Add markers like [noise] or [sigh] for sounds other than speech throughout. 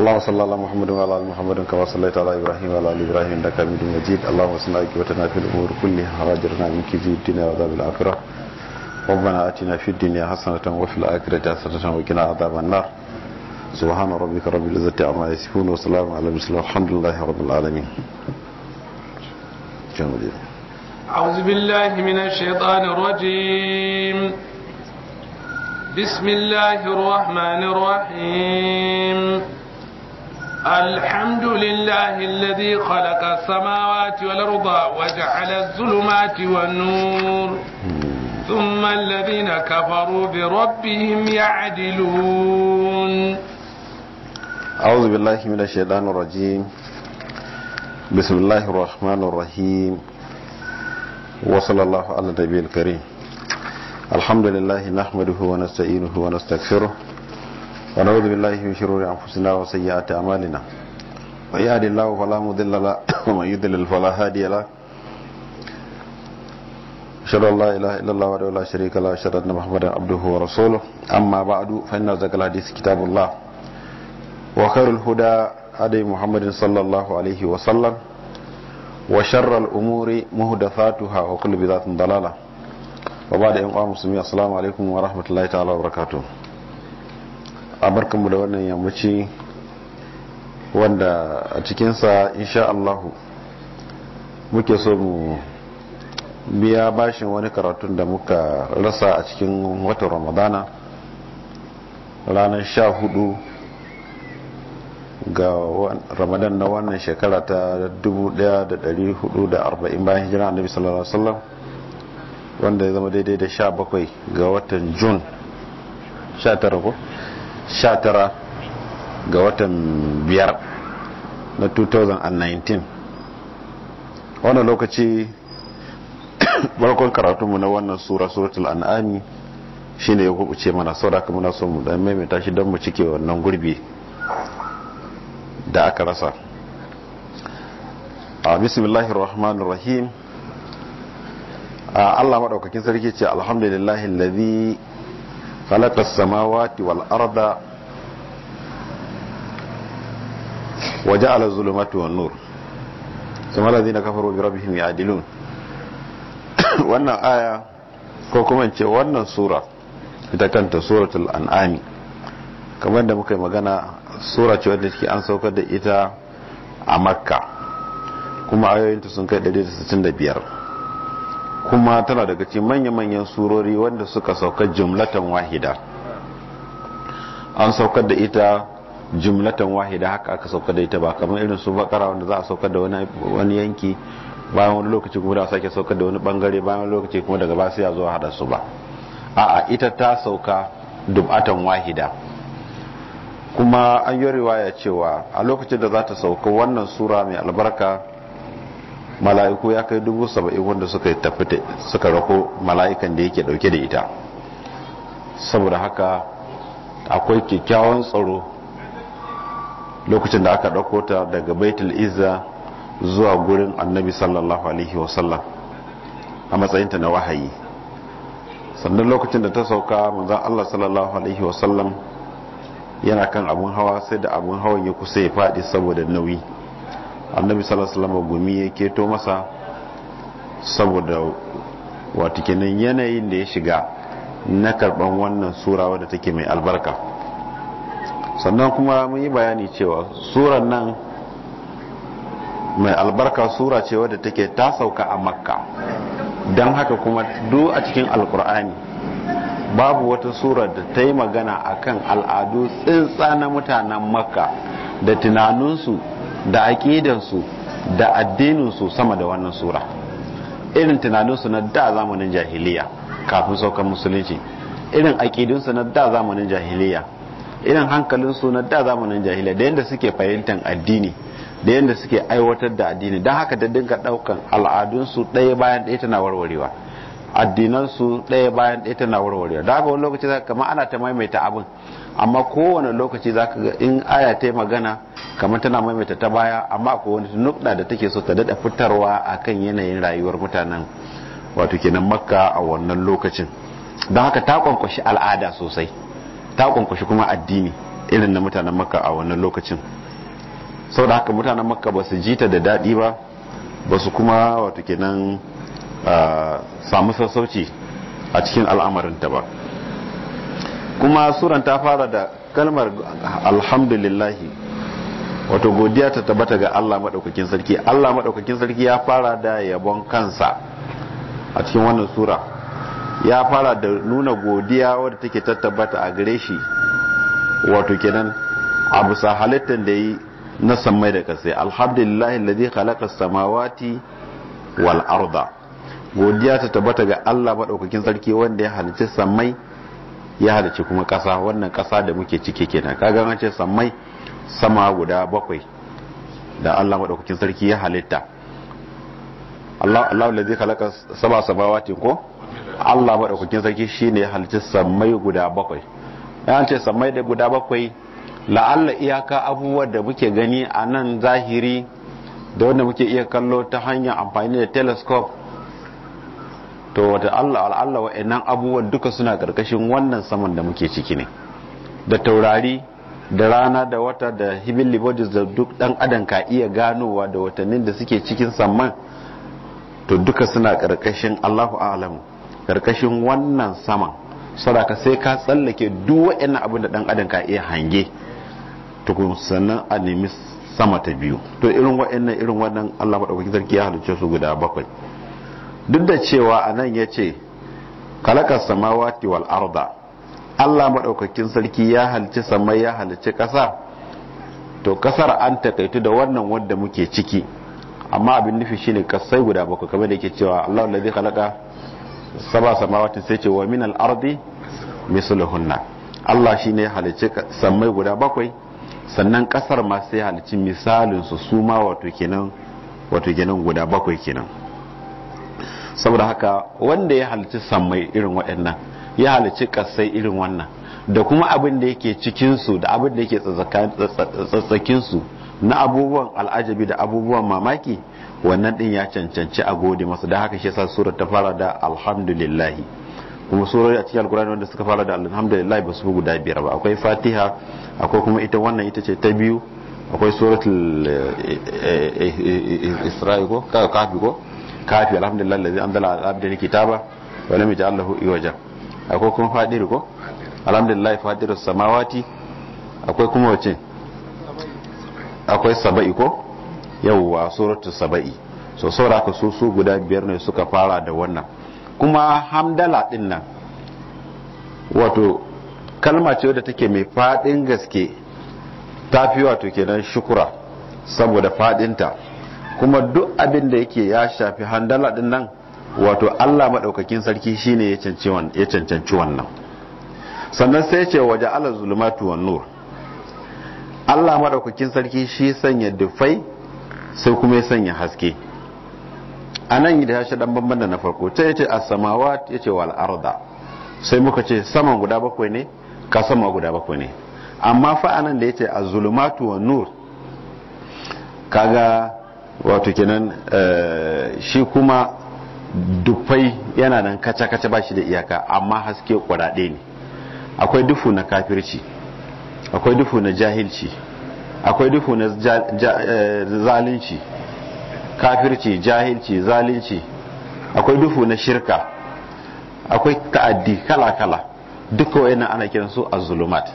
اللهم صل على محمد وعلى ال محمد كما صليت على ابراهيم وعلى ال ابراهيم انك حميد مجيد اللهم صل على عاقبتنا في الامور كلها واجرنا من خزي الدنيا وعذاب الاخره ربنا اتنا في الدنيا حسنه وفي الاخره حسنه وقنا عذاب النار سبحان ربك رب العزه عما يصفون وسلام على المرسلين والحمد لله رب العالمين جميل. أعوذ بالله من الشيطان الرجيم بسم الله الرحمن الرحيم الحمد لله الذي خلق السماوات والأرض وجعل الظلمات والنور ثم الذين كفروا بربهم يعدلون أعوذ بالله من الشيطان الرجيم بسم الله الرحمن الرحيم وصلى الله على النبي الكريم الحمد لله نحمده ونستعينه ونستغفره ونعوذ بالله من شرور أنفسنا وسيئات أعمالنا من يهد الله فلا مضل له ومن يضلل فلا هادي له أشهد أن لا إله إلا الله وحده لا شريك له أشهد أن محمدا عبده ورسوله أما بعد فإن أصدق الحديث كتاب الله وخير الهدى هدي محمد صلى الله عليه وسلم وشر الأمور محدثاتها وكل بدعة ضلالة وبعد أن قام مسلمين السلام عليكم ورحمة الله تعالى وبركاته a mu da wannan yammaci wanda a cikinsa insha Allahu muke so mu biya bashin wani karatun da muka rasa a cikin watan ramadana ranar sha hudu ga ramadan na wannan shekara ta 1440 bayan hijira annabi sallallahu alaihi wasallam wanda ya zama daidai da 17 ga watan jun 19 ko 19 ga watan biyar na 2019 wannan lokaci barkon [coughs] mu na wannan sura suratul an'ami shine ya kubuce mana sauraka muna so mu dan maimaita shi don mu cike wannan gurbi da aka rasa a bismillahir rahmanir rahim Allah maɗaukakin sarki ce alhamdulillahi alladhi خلق السماوات والأرض وجعل الظلمات والنور ثم الذين كفروا بربهم يعدلون wannan aya ko kuma ce wannan sura ita kanta suratul an'ami kamar da muka yi magana sura ce wadda take an saukar da ita a makka kuma ayoyinta sun kai biyar. kuma tana daga cikin manya-manyan surori wanda suka sauka jumlatan wahida an saukar da ita jumlatan wahida haka aka saukar da ita ba kamar irin su bakara wanda za a saukar da wani yanki bayan wani lokaci kuma da sake saukar da wani bangare bayan wani lokaci kuma daga ba ya zo hada su ba a'a ita ta sauka dub'atan wahida kuma an yi riwaya cewa a lokacin da za ta sauka wannan sura mai albarka mala'iku ya kai dubu saba'in wanda suka tafi suka rako mala'ikan da yake dauke da ita saboda haka akwai kyakkyawan tsaro lokacin da aka dauko ta daga baitul izza zuwa gurin annabi sallallahu alaihi wasallam a matsayinta na wahayi sannan lokacin da ta sauka manzo allah sallallahu alaihi wasallam yana kan abun hawa sai da abun hawan ya kusa ya fadi saboda nauyi annabi sallallahu alaihi wasallam gumi ya keto masa saboda wato kenan yanayin da ya shiga na karban wannan sura wadda take mai albarka sannan kuma mun yi bayani cewa suran nan mai albarka sura ce wadda take ta sauka a makka don haka kuma duk a cikin alkur'ani babu wata sura da ta yi magana akan al'adu tsintsa na mutanen makka da tunaninsu da aƙidansu da addininsu sama da wannan sura irin tunaninsu na da zamanin jahiliya kafin saukan musulunci irin aƙidinsu na da zamanin jahiliya irin hankalinsu na da zamanin jahiliya da yadda suke fahimtar addini da yadda suke aiwatar da addini don haka da dinga ɗaukan al'adunsu ɗaya bayan ɗaya tana warwarewa addinansu ɗaya bayan ɗaya tana warwarewa da haka wani lokaci kamar kama ana ta maimaita abin amma kowane lokaci zaka ga in aya ta magana kamar tana maimaita ta baya amma ko wani nukda da take so ta dada fitarwa a kan yanayin rayuwar mutanen wato kenan makka a wannan lokacin don haka ta kwankwashi al'ada sosai ta kwankwashi kuma addini irin na mutanen makka a wannan lokacin saboda haka mutanen makka ba su ji ta da daɗi ba ba su kuma wato kenan ah, samu sassauci a cikin al'amarinta ba kuma suran ta fara da kalmar alhamdulillahi wato godiya ta tabbata ga Allah maɗaukakin sarki Allah maɗaukakin sarki ya fara da yabon kansa a cikin wannan sura ya fara da nuna godiya wadda take tabbata a gare shi wato kenan abu sa halittar da yi na samai da kasai alhamdulillahi alladhi khalaqa samawati wal arda godiya ta tabbata ga Allah maɗaukakin sarki wanda ya halitta sammai ya halicci kuma ƙasa wannan ƙasa da muke cike kenan kaga an ce sammai sama guda bakwai da Allah madaukakin sarki ya halitta Allah Allah allazi khalaqa sab'a samawati ko Allah madaukakin sarki shine ya halicci sammai guda bakwai an ce sammai da guda bakwai la'alla iyaka abubuwan da muke gani a nan zahiri da wanda muke iya kallo ta hanyar amfani da telescope to wata Allah al'allah wa'annan abubuwan duka suna karkashin wannan saman da muke ciki ne da taurari da rana da wata da heavenly bodies da duk dan adam ka iya ganowa da watannin da suke cikin saman to duka suna karkashin Allahu a'lamu karkashin wannan saman sadaka sai ka tsallake duk wa'annan abin da dan adam ka iya hange tukun sannan a nemi sama ta biyu to irin wa'annan irin wannan Allah madaukakin sarki ya halicce su guda bakwai duk da cewa a nan ya ce kalakar samawa tiwal arda allah maɗaukakin sarki ya halci samai ya halci ƙasa to ƙasar an takaitu da wannan wanda muke ciki amma abin nufi shi ne kasai guda bakwai kamar da ke cewa allah zai kalaka saba ta sai ce wa min al misluhunna allah shine ya halicci samai guda bakwai sannan ƙasar ma sai halicci misalin su suma wato kenan wato kenan guda bakwai kenan saboda haka wanda ya halici sammai irin waɗannan ya halici ƙasai irin wannan da kuma abin da yake cikinsu da abin da yake tsatsakinsu na abubuwan al'ajabi da abubuwan mamaki wannan din ya cancanci a gode masu da haka shi yasa surar ta fara da alhamdulillah kuma surar a cikin alkurani wanda suka fara da alhamdulillah ba su fi guda biyar ba akwai fatiha akwai kuma ita wannan ita ce ta biyu akwai suratul eh, eh, eh, isra'i ko kafi ko kafi alhamdulillah allazi anzala ala ni kitaba wa lam yaj'al lahu iwaja akwai kuma fadir ko alhamdulillah fadirus samawati akwai kuma wace akwai saba'i ko yawwa suratul saba'i so saura ka su su guda biyar ne suka fara da wannan kuma hamdala din nan wato kalma ce wadda take mai fadin gaske ta fi wato kenan shukura saboda fadinta kuma duk abin da yake ya shafi handala din nan wato Allah madaukakin sarki shine ya cancanci wannan sannan sai ce waje ala zulumatu wan nur Allah madaukakin sarki shi sanya dufai sai kuma ya sanya haske a nan da ya sha dan bambam da na farko ce a as-samawat ce wal arda sai muka ce saman guda bakwai ne ka sama guda bakwai ne amma fa anan da ce az-zulumatu wan nur kaga wato kenan eh, shi kuma dufai yana nan kaca-kaca ba shi da iyaka amma haske kwaraɗe ne akwai dufu na kafirci akwai dufu na jahilci akwai dufu na eh, zalunci kafirci jahilci zalunci akwai dufu na shirka akwai ta'addi kala-kala duka wayannan ana kiransu a zulumat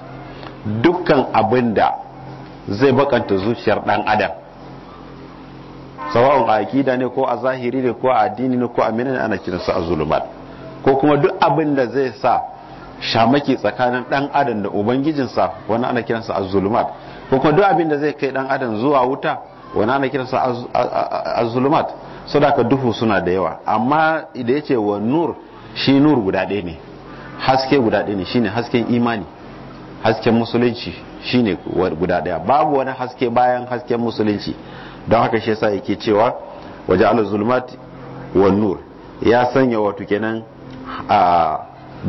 dukkan abinda zai bakanta zuciyar dan adam sawa'un a akida ne ko a zahiri ne ko a addini ne ko a menene ana kiransa a zulumat ko kuma duk abin da zai sa shamaki tsakanin dan adam da ubangijinsa wani ana kiransa a zulumat ko kuma duk abin da zai kai dan adam zuwa wuta wani ana kiransa a zulumat sadaka duhu suna da yawa amma da ya ce wa nur shi nur guda ɗaya ne haske guda ɗaya ne shine hasken imani hasken musulunci shine guda ɗaya babu wani haske bayan hasken musulunci don haka shi yasa yake cewa waje ala zulmat wa nur ya sanya wato kenan a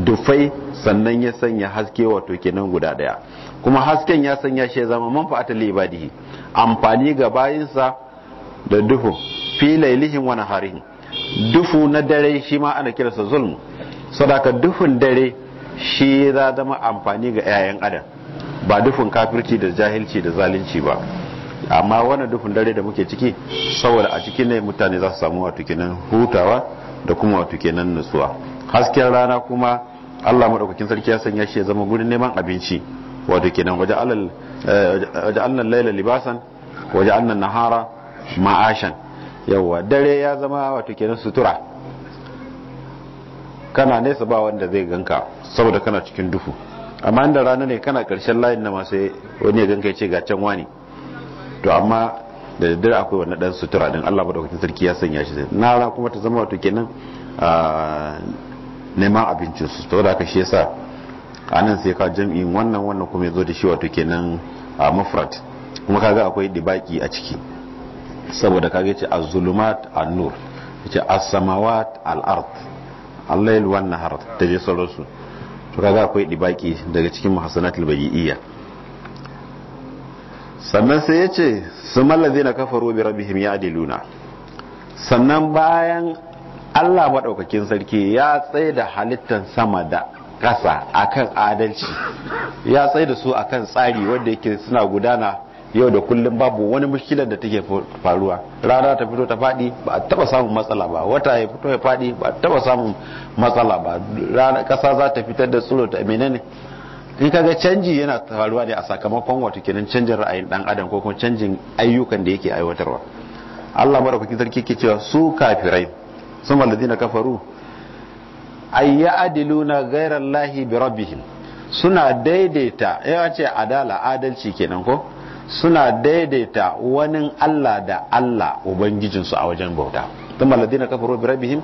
dufai sannan ya sanya haske wato kenan guda daya kuma hasken ya sanya shi zama manfa'ata li ibadihi amfani ga bayinsa da duhu fi lailihim wa naharihim dufu na dare shi ma ana kiransa zulmu sadaka duhun dare shi ya zama amfani ga 'ya'yan adam ba dufin kafirci da jahilci da zalunci ba amma wannan dufin dare da muke ciki saboda a cikin ne mutane za su samu wato kenan hutawa da kuma wato kenan nutsuwa hasken rana kuma Allah madaukakin sarki ya sanya shi ya zama gurin neman abinci wato kenan waje alal eh, annan laila libasan waje annan nahara ma'ashan yawa dare ya zama wato kenan sutura kana nesa ba wanda zai ganka saboda kana cikin duhu amma inda rana ne kana karshen layin na masu wani ya ganka ya ce ga can wani to amma da daddare akwai wani dan sutura din Allah madaukakin sarki ya sanya shi na kuma ta zama wato kenan neman abincin su da haka shi yasa anan sai ka jam'in wannan wannan kuma yazo da shi wato kenan a mafrat kuma kaga akwai dibaki a ciki saboda kaga yace az-zulumat an-nur yace as-samawat al-ard al-layl wan-nahar kaga akwai dibaki daga cikin muhassanatul bai'iyya sannan sai ya ce su mallazi na kafa robin rabihim ya luna sannan bayan allah maɗaukakin sarki ya tsaye da halittar sama da ƙasa akan adalci ya tsaye da su akan tsari wanda yake suna gudana yau da kullum babu wani mushkilar da take faruwa rana ta fito ta fadi ba a taba samun matsala ba wata ya fito ya fadi ba a taba samun matsala ba rana kasa za ta fitar da tsoro ta menene in kaga canji yana faruwa ne a sakamakon wato kenan canjin ra'ayin dan adam ko kuma canjin ayyukan da yake aiwatarwa Allah mara madaukaki sarki yake cewa su kafirai sun walladina kafaru ayya adiluna ghayra Allahi bi rabbihim suna daidaita ya eh, ce adala adalci kenan ko suna daidaita wani Allah da Allah ubangijinsu a wajen bauta ثم الذين كفروا بربهم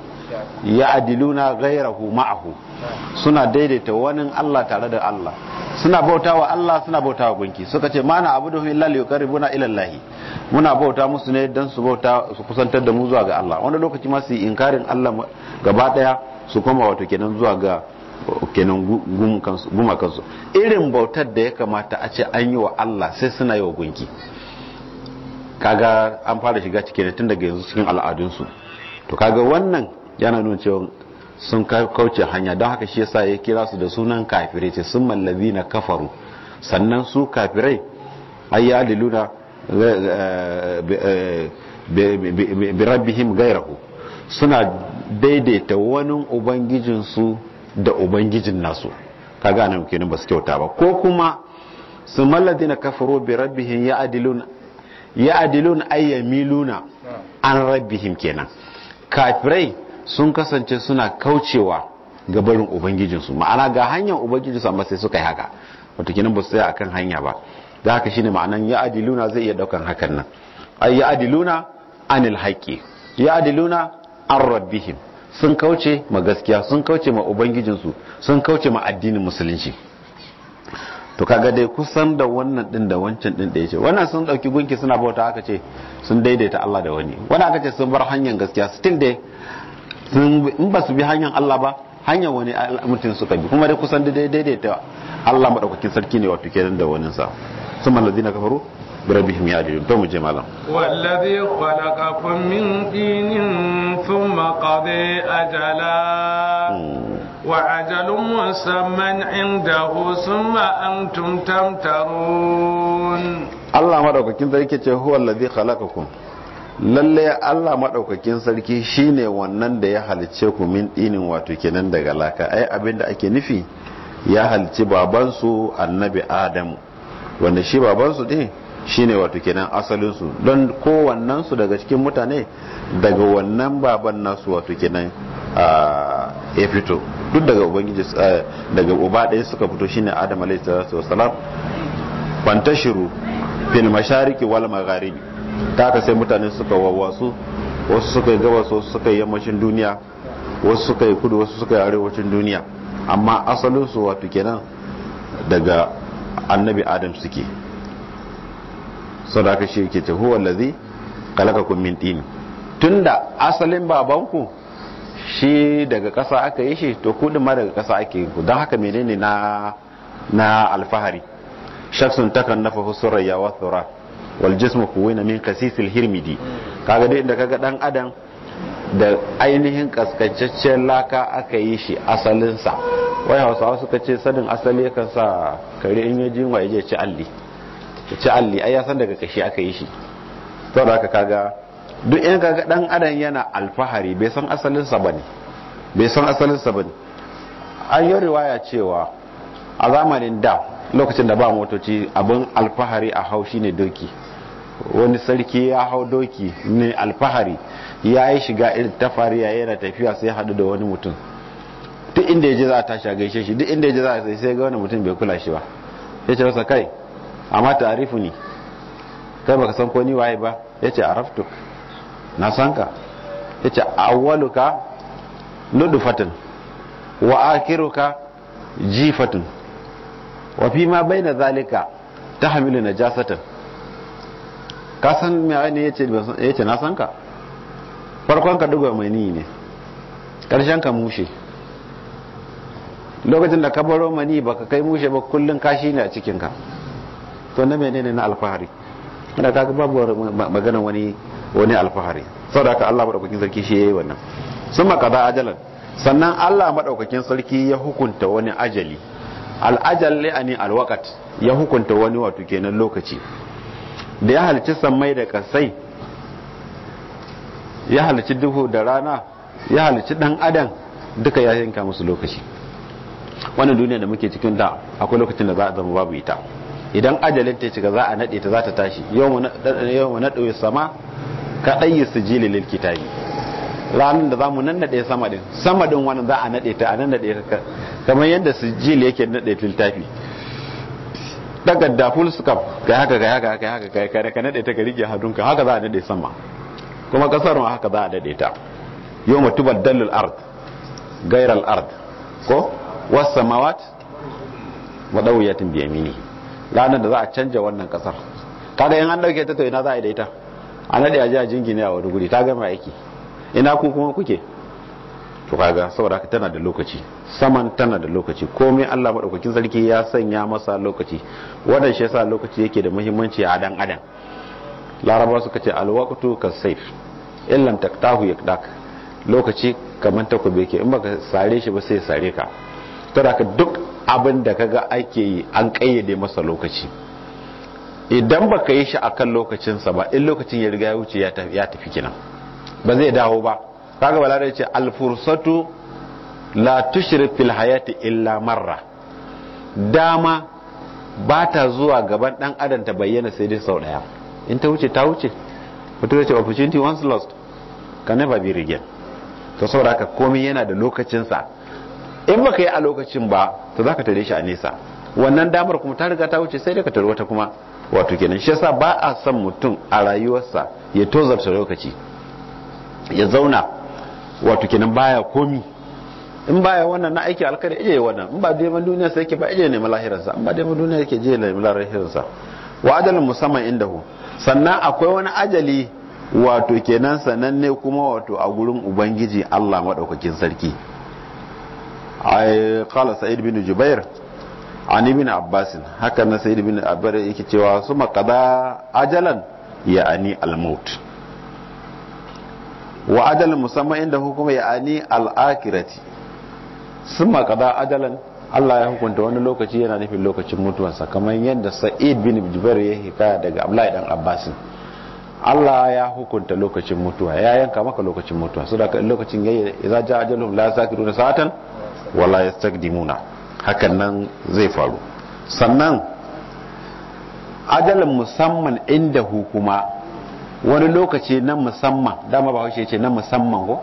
يعدلون غيره ma'ahu suna daidaita wani Allah tare da Allah suna bautawa Allah suna bautawa gunki suka ce mana abuduhu illa liqarribuna ila Allah muna bauta musu ne don su bauta su kusantar da mu zuwa ga Allah wani lokaci ma su inkarin Allah gaba daya su koma wato kenan zuwa ga kenan guma kansu irin bautar da ya kamata a ce an yi wa Allah sai suna yi wa gunki kaga an fara shiga cikin tun daga yanzu cikin al'adunsu to kaga wannan yana nuna cewa sun kauce hanya don haka shi yasa ya kira su da sunan kafirai ce sun mallabi na kafaru sannan su kafirai ai ya liluna eh, eh, eh, bi rabbihim gairahu suna daidaita wani ubangijinsu da ubangijin nasu kaga nan kenan ba su kyauta ba ko kuma su mallabi na kafaru bi rabbihim ya adiluna ya adilun ay yamiluna an rabbihim kenan kafirai sun kasance suna kaucewa ga ubangijinsu ma'ana ga hanyar ubangijinsu amma sai suka yi haka wata kinan ba su tsaya akan hanya ba da haka shine ma'anan ya adiluna zai iya daukan hakan nan ay ya adiluna anil haqqi ya adiluna an rabbihim sun kauce ma gaskiya sun kauce ma ubangijinsu sun kauce ma addinin musulunci to kaga dai kusan da wannan din da wancan din da yace wannan sun dauki gunki suna bauta aka ce sun daidaita Allah da wani wani aka ce sun bar hanyar gaskiya still dai in ba su bi hanyar Allah ba hanyar wani mutum suka bi kuma dai kusan dai daidaita Allah madaukakin sarki ne wato kenan da wani sa sun mallazina kafaru بربهم to mu je malam. والذي خلقكم من دين ثم قضي أجلاً وعجل مسمى عنده ثم أنتم تمترون الله مدوكاكين ذلك هو الذي خلقكم lalle Allah maɗaukakin sarki shine wannan da ya halicce ku min ɗinin wato kenan daga laka ai abin da ake nufi ya baban babansu annabi adamu wanda shi babansu din shine wato kenan asalinsu don ko wannan su daga cikin mutane daga wannan baban nasu wato kenan ya fito duk daga ubangiji eh, daga uba ɗaya suka fito shine adam alaihi salatu wasalam fantashiru fil mashariqi wal magharibi ta ka sai mutane suka wawwasu wasu suka yi gabas wasu suka yi yammacin duniya wasu suka yi kudu wasu suka yi arewacin duniya amma asalin su wato kenan daga annabi adam suke sadaka shi yake ce huwa allazi khalaqakum min tin tunda asalin babanku shi daga ƙasa aka yi shi to kudin ma daga ƙasa ake yi don haka menene na na alfahari shaksun takan nafa husurayya wa thura wal jismu na min kasisil hirmidi kaga dai inda kaga dan adam da ainihin kaskancaccen laka aka yi shi asalinsa wai wasu ka ce sanin asali yakan sa kare in yaji wa ya ci alli ci alli ai ya san daga kashi aka yi shi saboda haka kaga duk in kaga dan adam yana alfahari bai san asalinsa ba ne bai san asalinsa ba ne an yi riwaya cewa a zamanin da lokacin da ba motoci abin alfahari a hau shine doki wani sarki ya hau doki ne alfahari ya yi shiga irin tafariya yana tafiya sai ya haɗu da wani mutum duk inda ya je za a tashi a gaishe shi duk inda ya je za a sai ga wani mutum bai kula shi ba ya ce masa kai amma tarifu ne kai baka san ko ni waye ba ya ce a raftuk na san ka yace awaluka nudfatun wa akhiruka jifatun wa fi ma bai na zalika ta hamilu na najasatan ka san me ne yace na san ka farkon ka dugo mai ni ne karshen ka mushe lokacin da ka baro mani baka kai mushe ba kullum kashi ne a cikinka to na menene na alfahari kada kaga babu magana wani wani alfahari saboda Allah madaukakin sarki shi yayi wannan sun makaza ajalan sannan Allah madaukakin sarki ya hukunta wani ajali ani al waqt ya hukunta wani wato kenan lokaci da ya san mai da kasai ya halicci duhu da rana ya halicci dan adam duka ya yanka musu lokaci wannan duniya da muke cikin da akwai lokacin da za a zama babu ita idan ajalin ta shiga za a nade ta za ta tashi yau mu naɗe sama kadai sijili lil kitabi ranar da zamu nannade sama din sama din wani za a nade ta a nannade ta kamar yadda sijili yake nade littafi da full scap kai haka kai haka kai haka kai kai ka nade ta ga rige hadunka haka za a nade sama kuma kasar ma haka za a nade ta yawma tubaddalul ard gairal ard ko was samawat wadawiyatin bi yamini ranar da za a canja wannan kasar kada in an dauke ta to ina za a yi da a nade a ji a jingine a wani guri ta gama aiki ina ku kuma kuke to kaga saboda haka tana da lokaci saman tana da lokaci komai Allah madaukakin sarki ya sanya masa lokaci wannan shi yasa lokaci yake da muhimmanci a dan adam laraba suka ce alwaqtu kasayf taktahu taqtahu yaqdak lokaci kaman kube ke in baka sare shi ba sai sare ka to da duk abin da kaga ake yi an kayyade masa lokaci idan baka yi shi a kan lokacinsa ba in lokacin ya riga ya wuce ya tafi kina ba zai dawo ba kaga bala da ce alfursatu la tushir fil illa marra dama ba ta zuwa gaban dan adam ta bayyana sai dai sau daya in ta wuce ta wuce mutum ya ce opportunity once lost can never be regained to saboda haka komai yana da lokacinsa in baka yi a lokacin ba to ka tare shi a nesa wannan damar kuma ta riga ta wuce sai dai ka wata kuma wato kenan shi yasa ba a son mutum a rayuwarsa ya tozarta lokaci ya zauna wato kenan baya komi in baya wannan na aiki alkhairi ije wannan in ba dai man duniya sai yake ba ije ne malahirarsa in ba dai man duniya yake je ne malahirarsa wa ajalin musamman hu sannan akwai wani ajali wato kenan sananne kuma wato a gurin ubangiji Allah madaukakin sarki ai qala sa'id bin jubair an ibn Abbasin haka na sayyid ibn abbar yake cewa su maqada ajalan ya'ani al-maut wa ajalan musamman inda hukuma ya'ani al-akhirati su maqada ajalan Allah ya hukunta wani lokaci yana nufin lokacin mutuwansa kamar yadda sa'id bin jubair ya hikaya daga abdullahi dan abbas Allah ya hukunta lokacin mutuwa ya yanka maka lokacin mutuwa saboda lokacin yayi idza ja ajalum la sakiruna satan wala yastaqdimuna hakan nan zai faru sannan ajalin musamman inda hukuma wani lokaci na musamman dama ba haushe ce na musamman ko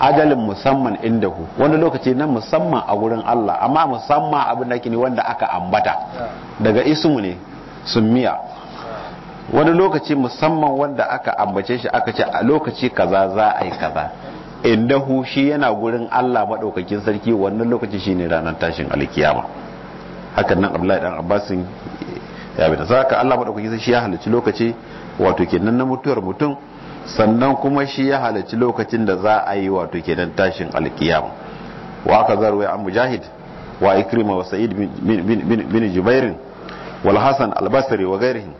ajalin musamman inda hu wani lokaci na musamman a wurin Allah amma musamman abin da ke ne wanda aka ambata daga ismu ne summiya wani lokaci musamman wanda aka ambace shi aka ce a lokaci kaza za a yi kaza indahu shi yana gurin Allah maɗaukakin sarki wannan lokaci shine ranar tashin alkiyama hakan nan Abdullahi dan Abbasin ya bi da saka Allah maɗaukakin sarki ya halicci lokaci wato kenan na mutuwar mutum sannan kuma shi ya halicci lokacin da za a yi wato kenan tashin alkiyama wa aka zarwa an mujahid wa ikrima wa sa'id bin jubairin wal hasan al-basri wa gairihim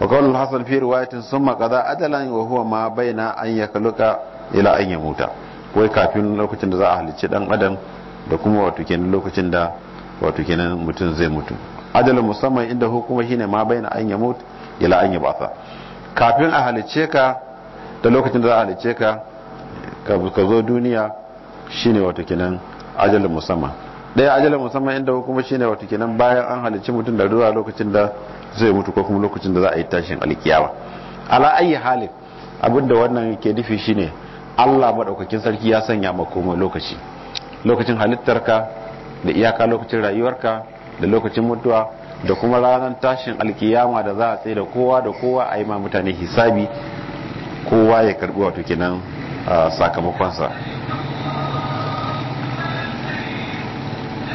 وقول الحسن في رواية ثم قضى أدلا وهو ما بين أن يخلق ila an ya yamuta wai kafin lokacin da za a halicci dan adam da kuma wato kenan lokacin da wato kenan mutum zai mutu ajalin musamman inda hukuma shine ma bayyana an ya mutu ila an ya yabasa kafin a halicce ka da lokacin da za a halicce ka ka zo duniya shine wato kenan ajalin musamman daya ajalin musamman inda hukuma shine wato kenan bayan an halicci mutum da zuwa lokacin da zai mutu ko kuma lokacin da za a yi tashin alkiyawa ala ayi halin abinda wannan ke nufi shine Allah maɗaukakin sarki ya sanya ma komai lokaci lokacin halittarka da iyaka lokacin rayuwarka da lokacin mutuwa da kuma ranar tashin alkiyama da za a tsaye da kowa da kowa a yi ma mutane hisabi kowa ya karbi wato kenan sakamakonsa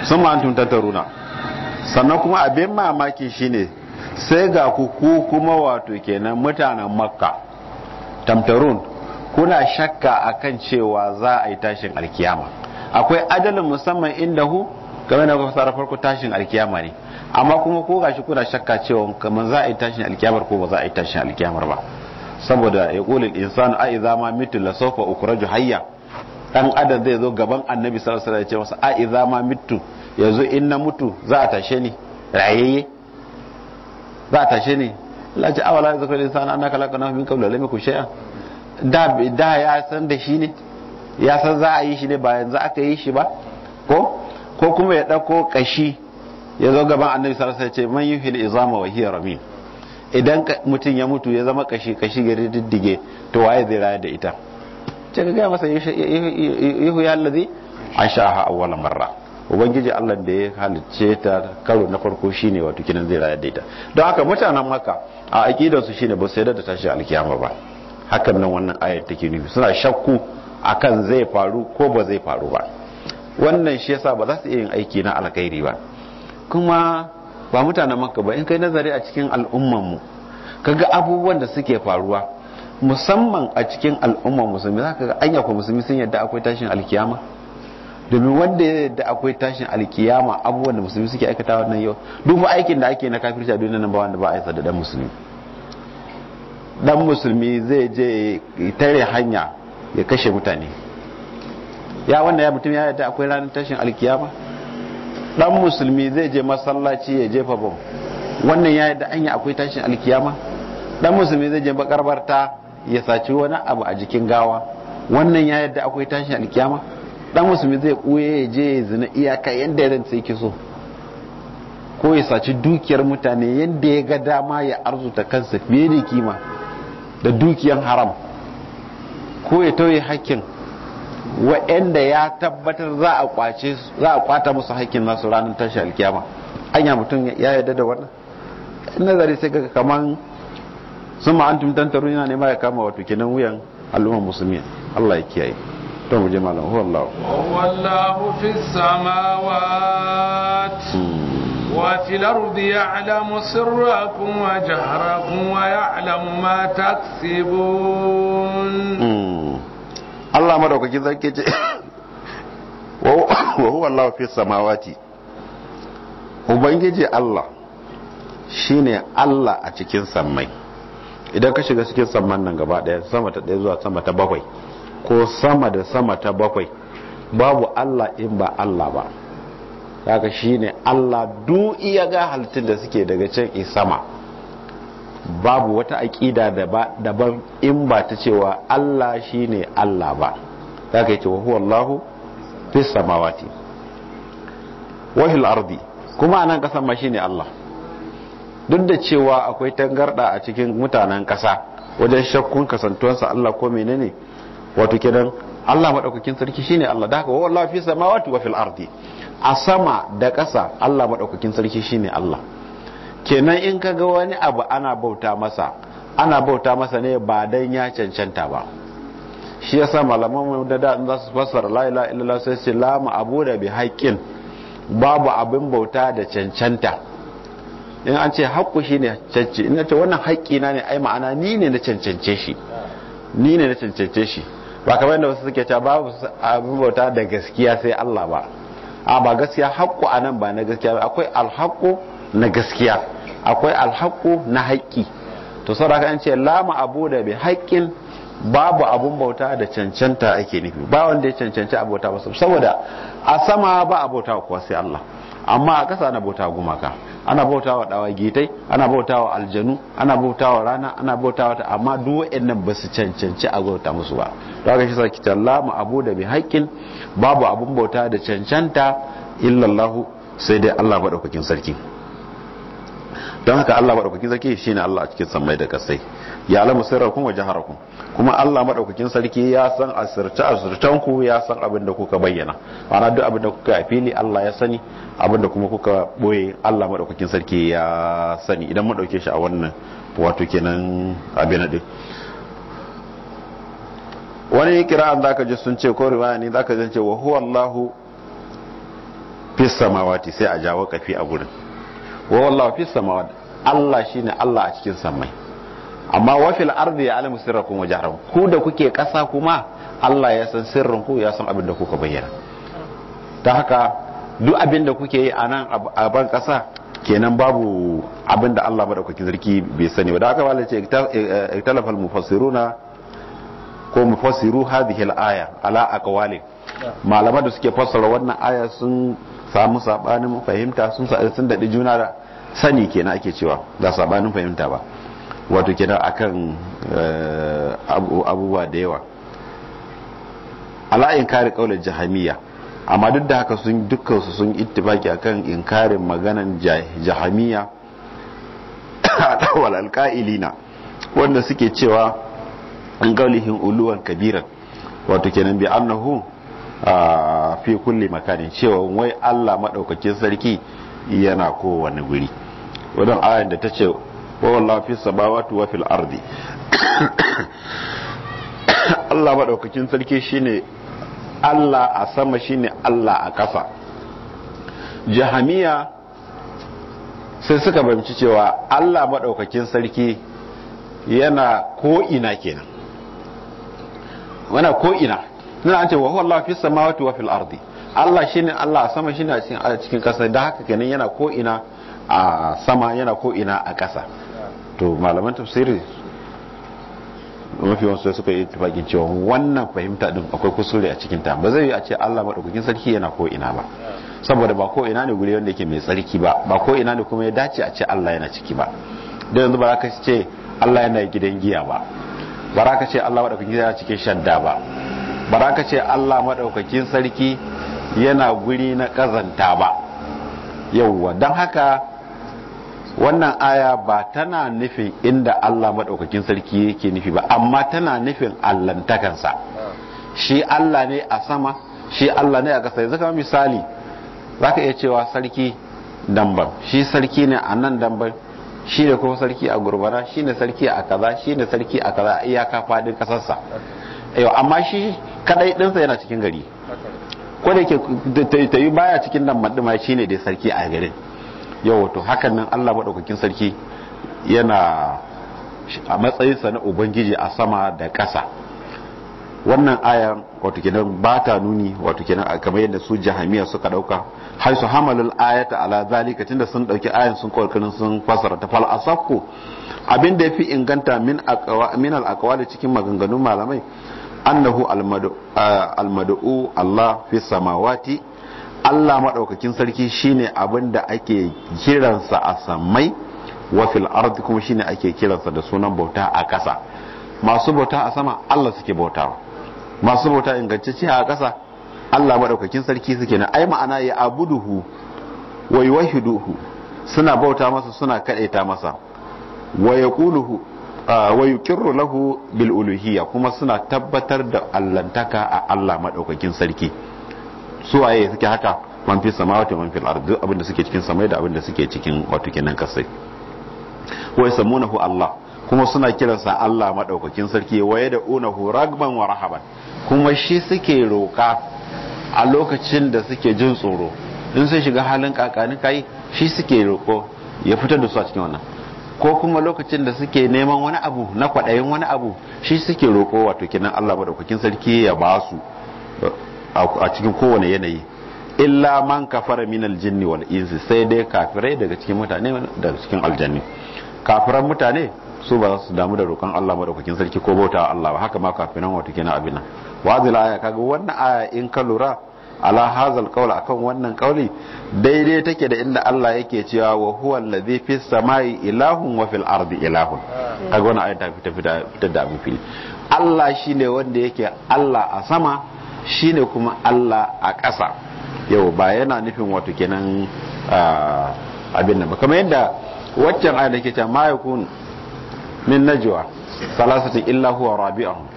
sun ma'antum tattaruna sannan kuma abin mamaki shine sai ga ku kuma wato kenan mutanen makka tamtarun kuna shakka akan cewa za a yi tashin alkiyama akwai ajalin musamman inda hu game da tsara farko tashin alkiyama ne amma kuma ko gashi kuna shakka cewa kamar za a yi tashin alkiyamar ko ba za a yi tashin alkiyamar ba saboda ya kulil insanu a iza ma mitu la sofa ukhraju hayya dan adam zai zo gaban annabi sallallahu alaihi wasallam ya ce masa a iza ma mitu yanzu in na mutu za a tashe ni rayayye za a tashe ni la ji awala zakal insanu annaka laqana min qabla lam yakun shay'a da da ya san da shi ne ya san za a yi shi ne ba yanzu aka yi shi ba ko ko kuma ya ɗauko kashi. ya zo gaban annabi sallallahu alaihi wasallam ce man yuhil izama wa hiya ramin idan mutum ya mutu ya zama kashi, kashi gari diddige to waye zai raya da ita ce ga gaya masa yuhu ya allazi ashaha awwala marra ubangiji Allah da ya halicce ta karo na farko shine wato kinan zai raya da ita don haka mutanen maka a aqidar su shine ba su yarda da tashi alkiyama ba hakan nan wannan ayar take nufi suna shakku akan zai faru ko ba zai faru ba wannan shi yasa ba za su iya yin aiki na alkhairi ba kuma ba mutanen makka ba in kai nazari a cikin al'umman mu kaga abubuwan da suke faruwa musamman a cikin al'umman musulmi za ka ga anya ko musulmi sun yadda akwai tashin alkiyama domin wanda ya yadda akwai tashin alkiyama abubuwan da musulmi suke aikata wannan yau duk aikin da ake na kafirci a duniya nan ba wanda ba a yi sadadan musulmi dan musulmi zai je tare hanya ya kashe mutane ya wanda ya mutum ya yadda akwai ranar tashin alkiyama dan musulmi zai je masallaci ya jefa bom wannan ya yadda anya akwai tashin alkiyama dan musulmi zai je bakarbarta ya saci wani abu a jikin gawa wannan ya yadda akwai tashin alkiyama dan musulmi zai kuye ya je ya zina iyaka yadda ya rantsa yake so ko ya saci dukiyar mutane yadda ya ga dama ya arzuta kansa fiye da kima da dukiyan haram ko ya tauye hakkin wa'anda ya tabbatar za a kwace za a kwata musu hakkin nasu ranar tashi alkiyama anya mutum ya yarda da wannan nazari sai kaga kaman sun ma antum tantaru yana nema ya kama wato kenan wuyan al'umma musulmi Allah ya kiyaye to mu je malam huwallahu huwallahu huwa Allah hmm. وفي الأرض يعلم سركم وجهركم ويعلم ما تكسبون الله مدوك كذلك وهو الله في السماوات ubangiji الله شيني الله أتكين سمي idan ka shiga cikin samman nan gaba daya sama ta daya zuwa sama ta bakwai ko sama da sama ta bakwai babu Allah in ba Allah ba kaga shine Allah du iya ga halittun da suke daga can sama babu wata aƙida daban in ba ta cewa Allah shine Allah ba kaga ka wa huwa Allahu fis samawati wa fil ardi kuma anan kasan ma shine Allah duk da cewa akwai tangarda a cikin mutanen kasa wajen shakkun kasantuwansa Allah ko menene wato kenan Allah madaukakin sarki shine Allah da haka wa wallahi fi samawati wa fil ardi a sama da ƙasa Allah maɗaukakin sarki shine Allah kenan in ka ga wani abu ana bauta masa ana bauta masa ne ba dan ya cancanta ba shi yasa malaman da da za su fassara la ilaha illallah sai su lamu abu da bi haƙƙin babu abin bauta da cancanta in an ce haƙƙu shine cancanci in ce wannan haƙƙi na ne ai ma'ana ni ne na cancance shi ni ne na cancance shi ba kamar yadda wasu suke ta babu abin bauta da gaskiya sai Allah ba a ba gaskiya haƙƙo a nan ba na gaskiya akwai alhaƙo na gaskiya akwai alhaƙo na haƙƙi to saboda an ce lama abu da bi haƙƙin babu abun bauta da cancanta ake nufi ba wanda ya cancanci abota ba saboda a sama ba abota kuwa sai Allah amma a ƙasa ana bauta gumaka ana bauta wa gitai ana bauta wa aljanu ana bauta wa rana ana bauta wa ta amma duk waɗannan ba su cancanci a gauta musu ba to haka shi saki talla mu abu da bi haƙƙin babu abun bauta da cancanta illallahu sai dai Allah madaukakin sarki don haka Allah maɗaukakin sarki shine Allah a cikin samai da kasai ya alamu sirrakun wa jiharakun kuma Allah maɗaukakin sarki ya san asirce asirtan ku ya san abin da kuka bayyana ana duk abin da kuka fili Allah ya sani abin da kuma kuka boye Allah maɗaukakin sarki ya sani idan mu shi a wannan wato kenan abin da wani an zaka ji sun ce ko riwaya ne zaka ji ce wa huwa Allahu fis samawati sai a jawo kafi a gurin wa wallahu fi samawat Allah shine Allah a cikin samai amma wa fil ardi ya'lamu sirrakum wa jahrakum ku da kuke kasa kuma Allah ya san sirrin ku ya san abin da kuka bayyana ta haka duk abin da kuke yi a nan a ban kasa kenan babu abin da Allah madaukakin sarki bai sani ba da haka wallahi ce ikhtalafal mufassiruna ko mufassiru hadhihi al-aya ala aqwalin malaman da suke fassara wannan aya sun samu sabanin fahimta sun sun daɗi juna da sani kenan ake cewa da sabanin fahimta ba wato kenan akan eh, abubuwa da yawa ala'in kare kaular jahamiya amma duk da haka sun dukkan su sun ittifaki akan inkarin maganan jahamiya [coughs] wal alkailina wanda suke cewa an gaulihin uluwan kabiran wato kenan bi annahu a fi kulli makanin cewa wai Allah madaukakin sarki yana kowane guri wannan ayan da ta ce wa wallahi fi samawati wa fil ardi [coughs] Allah madaukakin sarki shine Allah a sama shine Allah a ƙasa jahamiya sai suka bamci cewa Allah maɗaukakin sarki yana ko ina kenan wana ina. nan an ce wa huwa Allah fi samawati wa fil ardi Allah shine Allah a sama shine a cikin a cikin kasa da haka kenan yana ko ina a sama yana ko ina a kasa to malaman tafsiri mafi wasu suka yi tufakin cewa wannan fahimta din akwai kusuri a cikin ta ba zai yi a ce Allah madaukakin sarki yana ko ina ba saboda ba ko ina ne guri wanda yake mai tsarki ba ba ko ina ne kuma ya dace a ce Allah yana ciki ba da yanzu ba za ka ce Allah yana gidan giya ba ba za ka ce Allah madaukakin sarki yana cikin shadda ba ba ka ce Allah maɗaukakin sarki yana guri na ƙazanta ba yauwa don haka wannan aya ba tana nufin inda Allah maɗaukakin sarki yake nufi ba amma tana nufin allantakansa shi Allah ne a sama shi Allah ne a ƙasa yanzu kama misali za ka iya cewa sarki damban shi sarki ne a nan damban shi ne kuma sarki a gurbana shi ne sarki a kaza shi ne sarki a kaza iyaka fadin kasarsa. yau amma shi kadai ɗinsa yana cikin gari ko da ke ta yi baya cikin nan maɗuma shi ne sarki a garin yau to hakan nan allah maɗaukakin sarki yana a matsayinsa na ubangiji a sama da ƙasa wannan aya wato kenan ba ta nuni wato kenan kamar yadda su jahamiya suka dauka har su hamalul ayata ala zalika tunda sun dauki ayan sun kokarin sun fasara ta fal asaqu abinda yafi inganta min aqwa min al aqwali cikin maganganun malamai annahu almad'u uh, Allah fi samawati Allah maɗaukakin sarki shine abin da ake kiransa a samai wa fil ardi kuma shine ake kiransa da sunan bauta a ƙasa masu bauta a sama Allah suke bautawa masu bauta ingantacce a ƙasa Allah maɗaukakin sarki suke na ai ma'ana ya abuduhu wa yuwahiduhu suna bauta masa suna kadaita masa wa yaquluhu Ah, wa yuqirru lahu bil uluhiyya kuma suna tabbatar da allantaka a Allah madaukakin sarki su waye suke haka man fi samawati man fil ardi abinda suke cikin samai da abinda suke cikin wato kenan kasai wa yasamunahu Allah kuma suna kiransa Allah madaukakin sarki waye da unahu ragban wa rahaban kuma shi suke roka a lokacin da suke jin tsoro in sun shiga halin kakani kai shi suke roko ya fitar da su a cikin wannan ko kuma lokacin da suke neman wani abu na kwaɗayin wani abu shi suke roƙo wato kinan Allah madaukakin sarki ya ba su a cikin kowane yanayi illa man kafara min aljinni wal insi sai dai kafirai daga cikin mutane daga cikin aljanni kafiran mutane su ba su damu da roƙon Allah madaukakin sarki ko bauta Allah ba haka ma kafinan wato kinan abin wazil aya kaga wannan aya in ka lura ala hazal qawl akan wannan kauli daidai take da inda Allah yake cewa wa huwa allazi fis samai ilahun wa fil ardi ilahun kaga wannan ayata ta fita fita da abin fili Allah shine wanda yake Allah a sama shine kuma Allah a ƙasa yau ba yana nufin wato kenan abin nan ba kamar yadda waccan ayata ke cewa ma yakun min najwa salasatin illa huwa rabi'ahum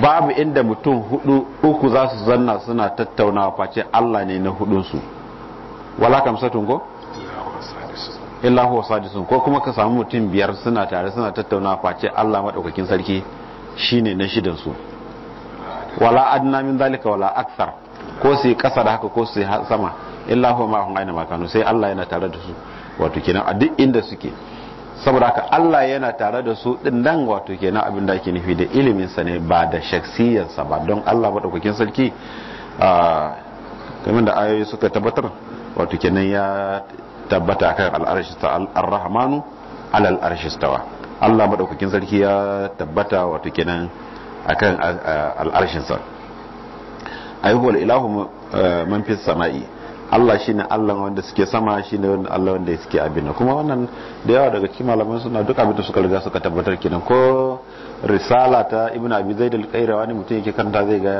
babu inda mutum hudu uku za su zanna suna tattaunawa face Allah ne na hudunsu wala kamsatun ko illa huwa sadisun ko kuma ka samu mutum biyar suna tare suna tattaunawa face Allah maɗaukakin sarki shine na shidan su wala adna min zalika wala akthar ko su yi kasa da haka ko su yi sama illa huwa ma'ahum aina makanu sai Allah yana tare da su wato kenan a duk inda suke saboda haka Allah yana tare da su din nan wato kenan abin da ake nufi da ilimin sa ne ba da shaksiyar sa ba don Allah madaukakin sarki a kamar da ayoyi suka tabbatar wato kenan ya tabbata kan al'arshi ar-rahmanu alal arshi stawa Allah madaukakin sarki ya tabbata wato kenan akan al'arshin sa ayyuhul ilahu eh, man fis sama'i Allah shine Allah wanda suke sama shine ne Allah wanda suke abin kuma wannan da yawa daga cikin malaman suna duk abin da suka riga suka tabbatar kenan ko risala ta Ibn abi da al wani mutum yake kanta zai ga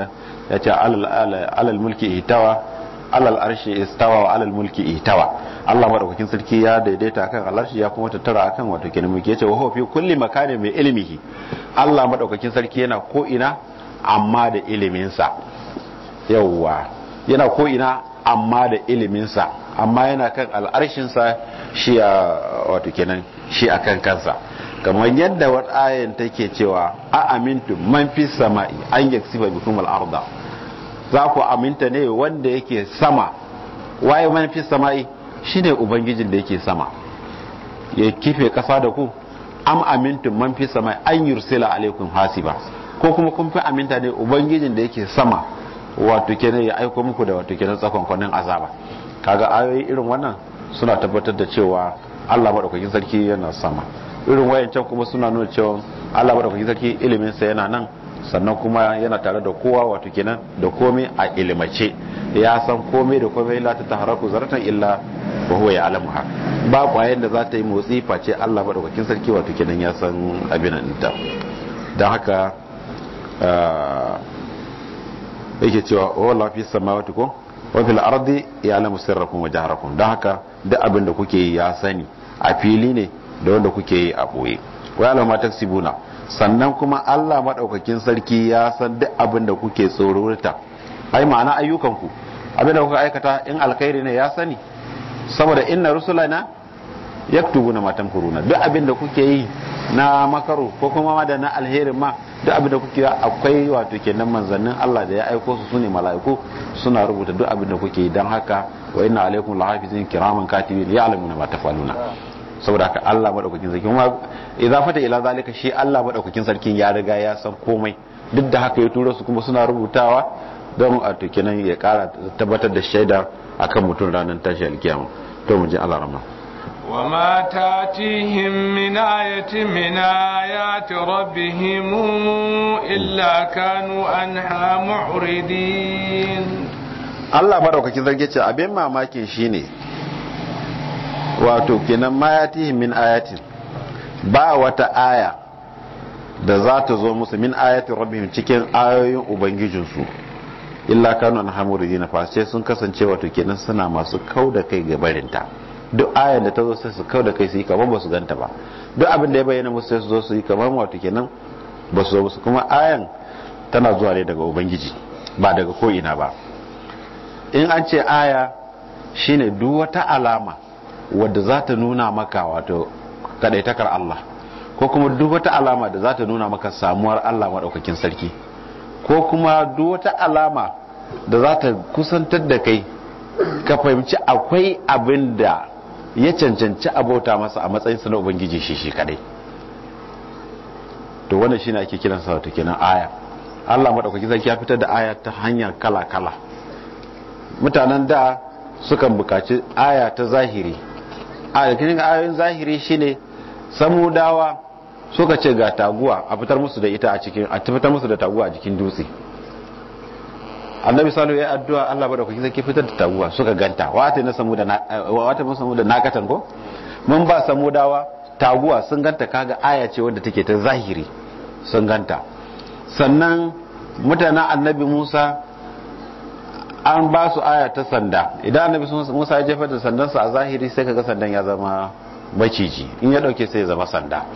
ya ce alal alal mulki itawa alal arshi istawa wa alal mulki itawa Allah madaukakin sarki ya daidaita kan alarshi ya kuma tattara akan wato kenan mulki yace wa fi kulli makani mai ilmihi Allah madaukakin sarki yana ko ina amma da iliminsa yawwa yana ko ina amma da iliminsa amma yana kan al'arshinsa shi a wato kenan shi a kan kansa kamar yadda wata ayan take cewa a amintu man fi sama'i an yaksifa bikum al-arda za ku aminta ne wanda yake sama waye man fi sama'i shine ubangijin da yake sama ya kife kasa da ku am amintu man fi sama'i an yursila alaikum hasiba ko kuma kun fi aminta ne ubangijin da yake sama wato kenan ya aiko muku da wato kenan tsakon kwanin azaba kaga ayoyi irin wannan suna tabbatar da cewa Allah madaukakin sarki yana sama irin wayancan kuma suna nuna cewa Allah madaukakin sarki ilimin sa yana nan sannan kuma yana tare da kowa wato kenan da komai a ilimace ya san komai da komai la ta taharaku zaratan illa wa huwa ya'lamuha ba kwayan da za ta yi motsi face Allah madaukakin sarki wato kenan ya san abin nan haka ah, yake cewa wala fi samawati ko wa fil ardi ya'lamu sirrakum wa jahrakum dan haka duk abin da kuke yi ya sani a fili ne da wanda kuke yi a boye wa ya'lamu ma taksibuna sannan kuma Allah madaukakin sarki ya san duk abin da kuke tsororta ai ma'ana ayyukanku abin da kuka aikata in alkhairi ne ya sani saboda inna rusulana na matan kuruna duk abin da kuke yi na makaru ko kuma ma da na alherin ma duk abin da kuke akwai wato kenan manzannin Allah da ya aiko su sune mala'iku suna rubuta duk abin da kuke yi dan haka wa inna alaikum lahafizin kiraman katibin ya'lamuna ma tafaluna saboda haka Allah madaukakin sarki kuma idafata ila zalika shi Allah madaukakin sarkin ya riga ya san komai duk da haka ya tura su kuma suna rubutawa don a kenan ya kara tabbatar da shaida akan mutum ranar tashi alkiyama to mu ji Allah rahma وما تاتيهم من آية من آيات ربهم إلا كانوا أنها معرضين الله بارك zarge ce abin mamaki shine wato kenan ما yatihim min ayatin ba wata aya da za ta zo musu min ayatin rabbihim cikin ayoyin ubangijinsu illa kanu an hamuridina fa sai sun kasance wato kenan suna masu kau da kai ga barinta duk ayan da ta zo sai su kawo da kai su yi kamar ba su ganta ba duk abin da ya bayyana musu sai su zo su yi kamar wato kenan ba su zo musu kuma ayan tana zuwa ne daga ubangiji ba daga ko ina ba in an ce aya shine duk wata alama wadda za ta nuna maka wato kadaitakar Allah ko kuma duk wata alama da za ta nuna maka samuwar Allah maɗaukakin sarki ko kuma duk wata alama da za ta kusantar da kai ka fahimci akwai abin da ya cancanci abota masa a matsayinsa na ubangiji shi shi kadai to wannan shine ake kiran sa wato kenan aya Allah madaukaki zaki ya fitar da aya ta hanyar kala kala mutanen da sukan bukaci aya ta zahiri a ga ayoyin zahiri shine samudawa suka ce ga taguwa a fitar musu da ita a cikin a fitar musu da taguwa a jikin dutse annabi salu ya addu'a Allah ba da kuke zai fitar da taguwa suka ganta wata na samu da eh, wata mun samu da nakatan ko mun ba samu dawa taguwa sun ganta kaga aya ce wanda take ta zahiri sun ganta sannan mutanen annabi Musa an ba su aya ta sanda idan annabi Musa ya jefa da sandan sa a zahiri sai kaga sandan ya zama maciji in ya dauke sai ya zama sanda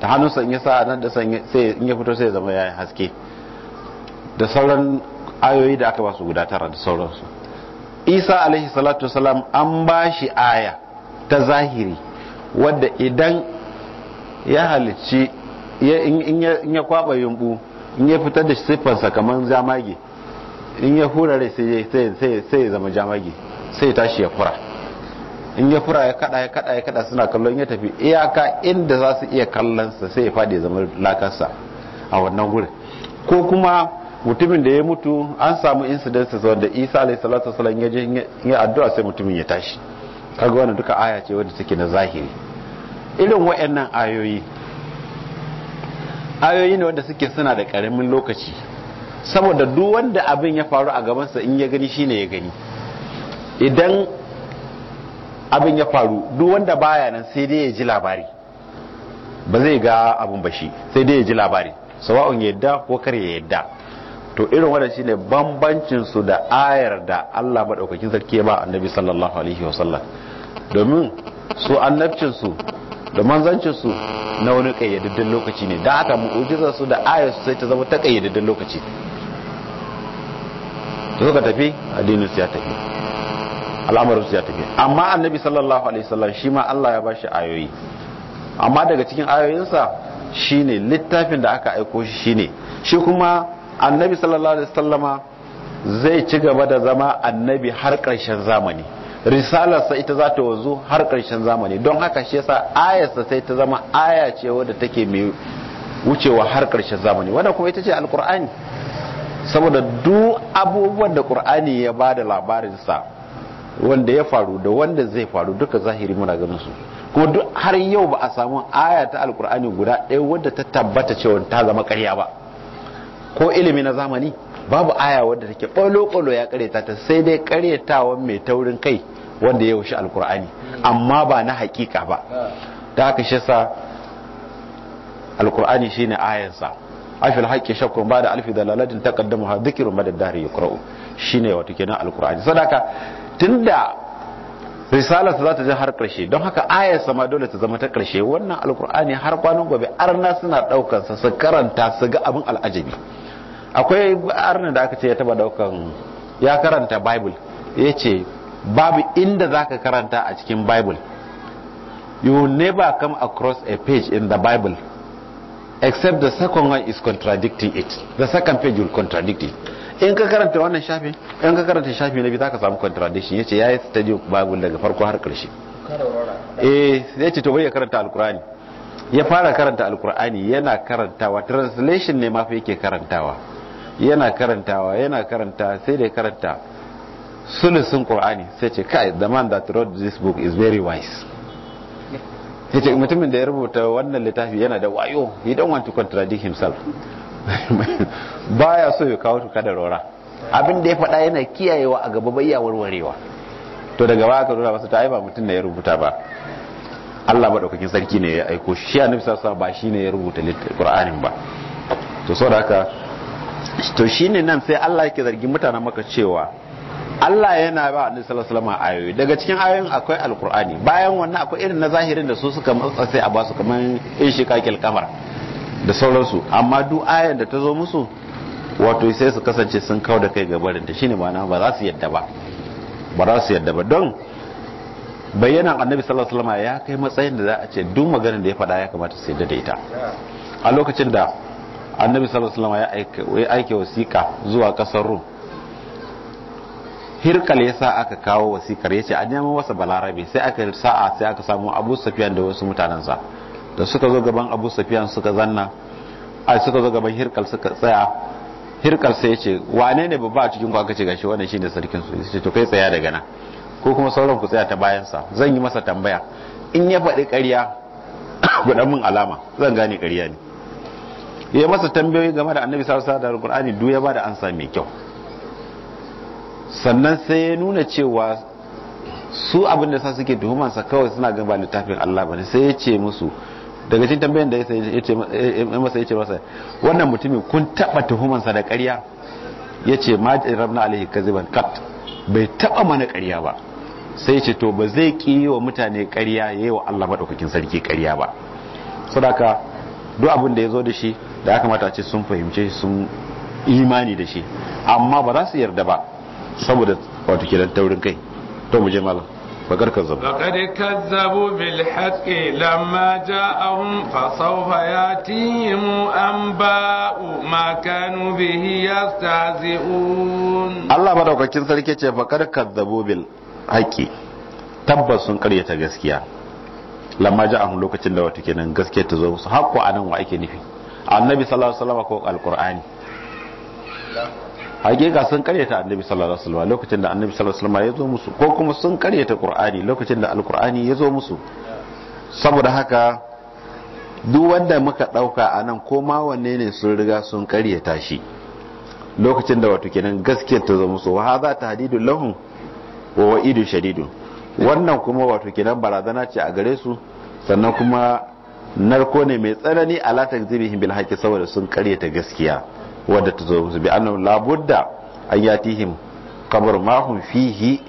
da hannunsa in ya sa nan da sai in ya fito sai ya zama yayin haske da sauran ayoyi da aka ba su guda tara da sauransu isa alaihi salatu wasalam an ba shi aya ta zahiri wadda idan ya halicci in ya kwaba yumbu in ya fitar da siffansa kamar jamage in ya hura rai sai ya zama jamage sai ya tashi ya fura in ya fura ya kada ya kada ya kada suna kallon ya tafi iyaka inda za su iya kallonsa sai ya fadi ya zama lakarsa a wannan gurin ko kuma mutumin da ya mutu an samu incidences wanda isa alayhi salatu wasallam ya je addu'a sai mutumin ya tashi kaga wannan duka aya ce wanda take na zahiri irin wayannan ayoyi ayoyi ne wanda suke suna da karamin lokaci saboda duk wanda abin ya faru a gabansa in ya gani shine ya gani idan abin ya faru duk wanda baya nan sai dai ya ji labari ba zai ga abin ba shi sai dai ya ji labari sawa'un yadda ko kar ya yadda to irin wannan shine bambancin su da ayar da Allah madaukakin sarki ba annabi sallallahu alaihi wasallam domin su annabcin su da manzancin su na wani kayyadaddin lokaci ne da aka mu'jizar su da ayar su sai ta zama ta kayyadaddin lokaci to suka tafi addinin su ya tafi al'amarin su ya tafi amma annabi sallallahu alaihi wasallam shi ma Allah ya bashi ayoyi amma daga cikin ayoyinsa shine littafin da aka aiko shi shine shi kuma annabi sallallahu alaihi wasallama zai ci gaba da zama annabi har karshen zamani risalarsa ita za ta wazu har karshen zamani don haka shi yasa ayarsa sai ta zama aya ce wadda take mai wucewa har ƙarshen zamani wannan kuma ita ce alƙur'ani saboda duk abubuwan da ƙur'ani ya bada da labarinsa wanda ya faru da wanda zai faru duka zahiri muna ganin su kuma duk har yau ba a samu aya ta alƙur'ani guda ɗaya wadda ta tabbata cewa ta zama ƙarya ba ko ilimi na zamani babu aya wadda take ɓalo-ɓalo ya karyata ta sai dai karyatawan mai taurin kai wanda ya wuce alkur'ani amma ba na hakika ba da haka shi sa alkur'ani shine ayansa afil haƙƙi shakkun ba da alfi dalalatin taqaddamu ha dhikru madaddari shi ne wata kenan alkur'ani sadaka tunda ta za ta je har karshe don haka ayansa ma dole ta zama ta karshe wannan alkur'ani har kwanan gobe arna suna ɗaukansa su karanta su ga abin al'ajabi akwai arna da aka ce ya taba daukan ya karanta bible ya ce babu inda za ka karanta a cikin bible you will never come across a page in the bible except the second one is contradicting it the second page will contradict it in ka karanta wannan shafi in ka karanta shafi na biyu za ka samu contradiction ya yi study bible daga farko har karshe eh, ya ce to bai karanta alkurani ya fara karanta alkurani yana karantawa translation ne ma yake karantawa yana karantawa yana karanta sai da karanta sulusun qur'ani sai ce kai the man that wrote this book is very wise ce mutumin da ya rubuta wannan littafi yana da wayo he don't want to contradict himself [laughs] baya so ya kawo tuka da rora abin da ya faɗa yana kiyayewa a gaba bayya warwarewa to daga baya ka rura ta ai ba mutum da ya rubuta ba Allah maɗaukakin sarki ne ya aiko shi a sallallahu alaihi ba shi ne ya rubuta littafin Qur'anin ba to da haka to shine nan sai Allah yake zargi mutanen maka cewa Allah yana ba Annabi sallallahu alaihi wasallam ayoyi daga cikin ayoyin akwai alkur'ani bayan wannan akwai irin na zahirin da su suka matsa sai a basu kaman in shiqaqil qamar da sauransu amma duk ayan da ta zo musu wato sai su kasance sun kawo da kai gabarin ta shine ma'ana ba za su yadda ba ba za su yadda ba don bayyana annabi sallallahu alaihi wasallam ya kai matsayin da za a ce duk maganar da ya faɗa ya kamata su yadda da ita a lokacin da annabi sallallahu alaihi wasallam ya aike wasiƙa zuwa ƙasar rum hirkal ya sa aka kawo wasikar ya ce a neman wasa balarabe sai aka sa'a sai aka samu abu safiyan da wasu mutanensa da suka zo gaban abu safiyan suka zanna a suka zo gaban hirkal suka tsaya hirkal sai ya ce wane ne babba a cikin ku aka ce gashi wannan shine sarkin su ya ce to kai tsaya daga nan ko kuma sauran ku tsaya ta bayansa zan yi masa tambaya in ya faɗi ƙarya gudan [coughs] min alama zan gane ƙarya ne ya masa tambayoyi game da annabi sallallahu alaihi wasallam da alqur'ani duk ya bada ansa mai kyau sannan sai ya nuna cewa su abin da sa suke tuhuman sa kawai suna ganin ba littafin Allah bane sai ya ce musu daga cikin tambayoyin da ya ce masa ya ce masa wannan mutumin kun taba tuhuman sa da ƙarya ya ce ma rabna alaihi kaziban kat bai taba mana ƙarya ba sai ce to ba zai ki wa mutane ƙarya yayi wa Allah madaukakin sarki ƙarya ba sadaka duk abin da ya zo da shi da aka mata ce sun fahimce sun imani da shi amma ba za su yarda ba saboda wato kiran taurin kai to mu je malam فقد كذبوا فقد كذبوا بالحق لما جاءهم فسوف ياتيهم أنباء ما كانوا به Allah الله مدوكاكين Sarki ce kar kazzabu bil haqqi tabbas sun karyata gaskiya lamma ja'ahum lokacin da wato kenan gaskiya ta zo su haƙƙo anan wa ake nufi annabi sallallahu alaihi wasallam ko alqur'ani hakika sun karyata annabi sallallahu alaihi wasallam lokacin da annabi sallallahu alaihi wasallam ya zo musu ko kuma sun karyata qur'ani lokacin da alqur'ani ya zo musu saboda haka duk wanda muka dauka anan ko ma wanne ne sun riga sun karyata shi lokacin da wato kenan gaskiyar ta zo musu wa hadha tahdidu lahum wa wa'idu shadidu wannan kuma wato kenan barazana ce a gare su sannan kuma narko ne mai tsanani ala takzibihim bil haqqi saboda sun karyata gaskiya wadda ta zo su bi annahu la budda an ya ma mahun fihi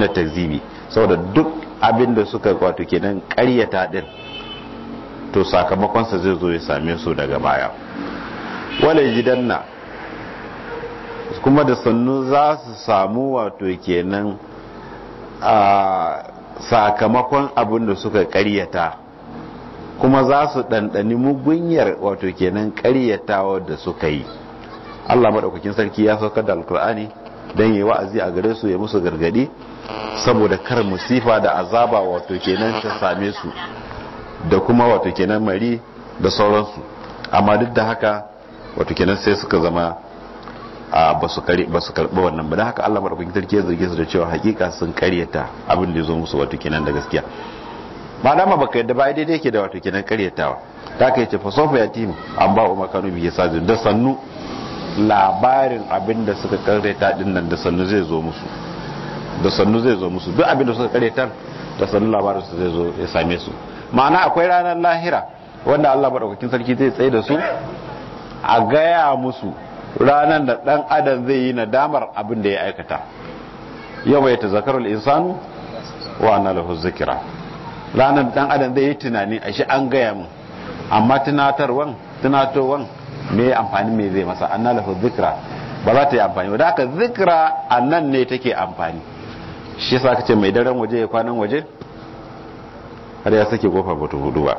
ta takzibi saboda duk abin da suka wato kenan karyata din to sakamakon zai zo ya same su daga baya gidan na kuma da sannu za su samu wato kenan a sakamakon abinda da suka karyata kuma za su ɗanɗani mugunyar wato kenan ƙaryatawa da suka yi Allah maɗaukakin sarki ya sauka da alkur'ani don yi wa'azi a gare su ya musu gargaɗi saboda kar musifa da azaba wato kenan ta same su da kuma wato kenan mari da sauransu amma duk da haka wato kenan sai suka zama a ba su karɓi wannan ba da haka Allah maɗaukakin sarki ya zarge su da cewa hakika sun karyata abin da ya zo musu wato kenan da gaskiya dama baka yadda ba daidai yake da wato kenan karyatawa ta kai ce fasofa ya timu an ba umar kanu biye sajin da sannu labarin abin da suka karyata din nan da sannu zai zo musu da sannu zai zo musu duk abin da suka karyata da sannu labarin su zai zo ya same su ma'ana akwai ranar lahira wanda Allah madaukakin sarki zai tsaye da su a gaya musu ranar da dan adam zai yi nadamar abin da ya aikata yau ya zakarar insanu wa na lahu zikira ranar dan adam zai yi tunani a shi an gaya mu amma tunatarwan tunatowan me amfani me zai masa an nalafa zikra ba za ta yi amfani wadda aka zikra a nan ne take amfani shi sa ka ce mai daren waje ya kwanan waje har ya sake kofa ba ta hudu ba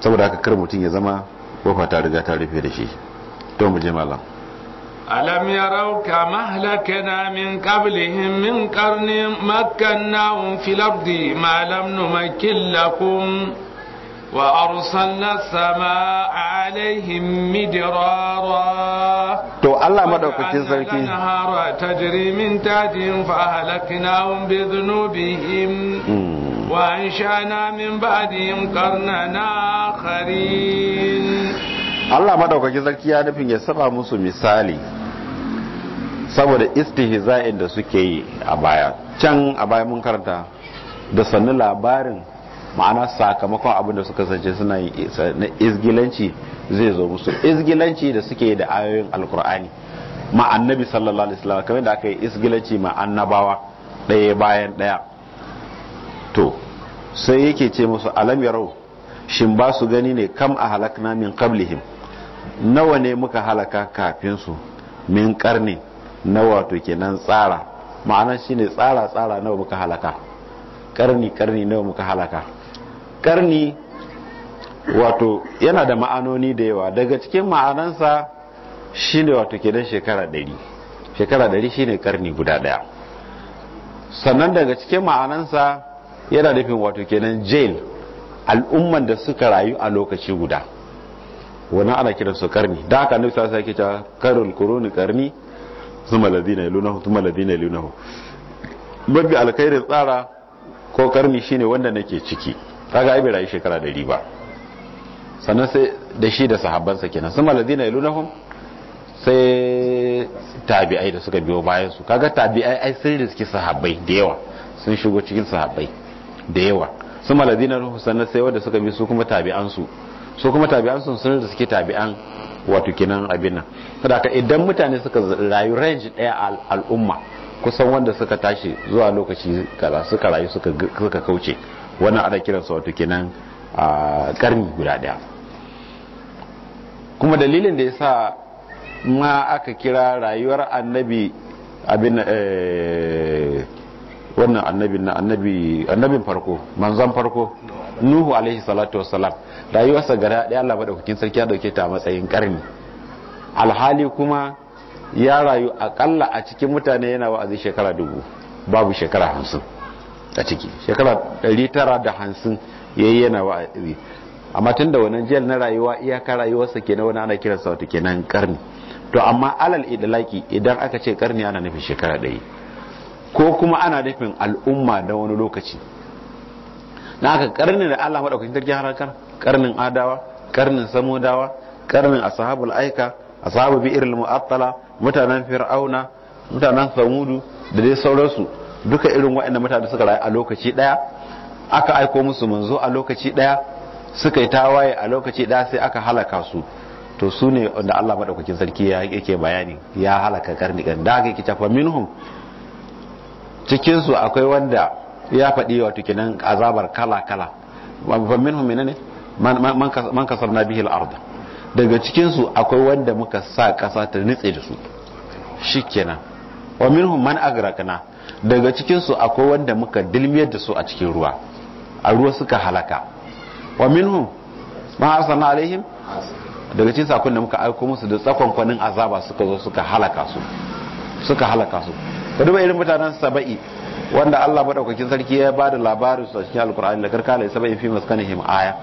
saboda haka kar mutum ya zama kofa ta riga ta rufe da shi to mu je malam ألم يروا كما أهلكنا من قبلهم من قرن مكناهم في الأرض ما لم نمكن لكم وأرسلنا السماء عليهم مدرارا تو الله مدوك تزركي نهارا تجري من تحتهم فأهلكناهم بذنوبهم وأنشأنا من بعدهم قرننا آخرين Allah madaukakin sarki ya nufin ya saba musu misali saboda istihza'in da suke yi a baya can a baya mun karanta da sannu labarin ma'ana sakamakon abin da suka sace suna yi na izgilanci zai zo musu izgilanci da suke da ayoyin alkur'ani ma annabi sallallahu alaihi wasallam kamar da aka yi izgilanci ma annabawa ɗaya bayan ɗaya to sai yake ce musu alam yarau shin ba su gani ne kam a halakna min qablihim nawa ne muka halaka kafin su min karni na wato kenan tsara ma'ana shine tsara tsara nawa muka halaka karni karni nawa muka halaka karni wato yana da ma'anoni da yawa daga cikin ma'anansa shine wato kenan shekara ɗari shekara ɗari shine karni guda ɗaya sannan daga cikin ma'anansa yana nufin wato kenan jail al'umman da suka rayu a lokaci guda wannan ana kiran su karni da haka ke ta karin wasallam yake cewa karul quruni karni thumma su yalunahu thumma alladhina yalunahu Mabbi alkhairin tsara ko karni shine wanda nake ciki kaga ai bai rayu shekara da riba. sannan sai da shi da sahabbansa kenan thumma alladhina yalunahum sai tabi'ai da suka biyo bayan su kaga tabi'ai ai da suke sahabbai da yawa sun shigo cikin sahabbai da yawa thumma alladhina sannan sai wanda suka bi su kuma tabi'an su so kuma tabi'an sun sanar da suke tabi'an wato kinan abin nan saboda idan mutane suka rayu range daya al'umma kusan wanda suka tashi zuwa lokaci kaza suka rayu suka kauce wannan ana sa wato kinan a karni guda daya kuma dalilin da yasa ma aka kira rayuwar annabi abin eh, wannan annabin na annabi annabin farko manzon farko nuhu alaihi salatu wasalam rayuwarsa gara ɗaya Allah madaukakin sarki ya dauke ta matsayin karni alhali kuma ya rayu akalla a cikin mutane yana wa'azi shekara dubu babu shekara hamsin a ciki shekara ɗari tara da hamsin ya yi yana wa'azi amma tun da wannan jiyar na rayuwa iyaka rayuwarsa na wani ana kiran sa wata kenan karni to amma alal idalaki idan aka ce karni ana nufin shekara ɗari ko kuma ana nufin al'umma na wani lokaci na aka karni da Allah madaukakin jirgin harakar karnin adawa karnin samudawa karnin ashabul aika ashabu irin mu'attala mutanen fir'auna mutanen samudu da dai sauransu duka irin waɗanda mutane suka rayu a lokaci daya aka aiko musu manzo a lokaci daya suka yi tawaye a lokaci ɗaya sai aka halaka su to su ne wanda Allah madaukakin sarki ya yake bayani ya halaka karni ɗan da haka yake minhum cikin su akwai wanda ya faɗi wato kenan azabar kala kala wa hume ne man kasar na bihil arda daga cikinsu akwai wanda muka sa kasa ta nitse da su shikenan wa min hume man agrakana daga cikinsu akwai wanda muka dilmiyar da su a cikin ruwa a ruwa suka halaka wa min minhum ma na alaihim daga cikin sakon da muka aiko musu da tsakon azaba suka zo suka halaka su suka halaka su ka duba irin mutanen saba'i wanda Allah madaukakin sarki ya ba da labarin su a cikin alkur'ani da karkala ya saba fi maskanihim aya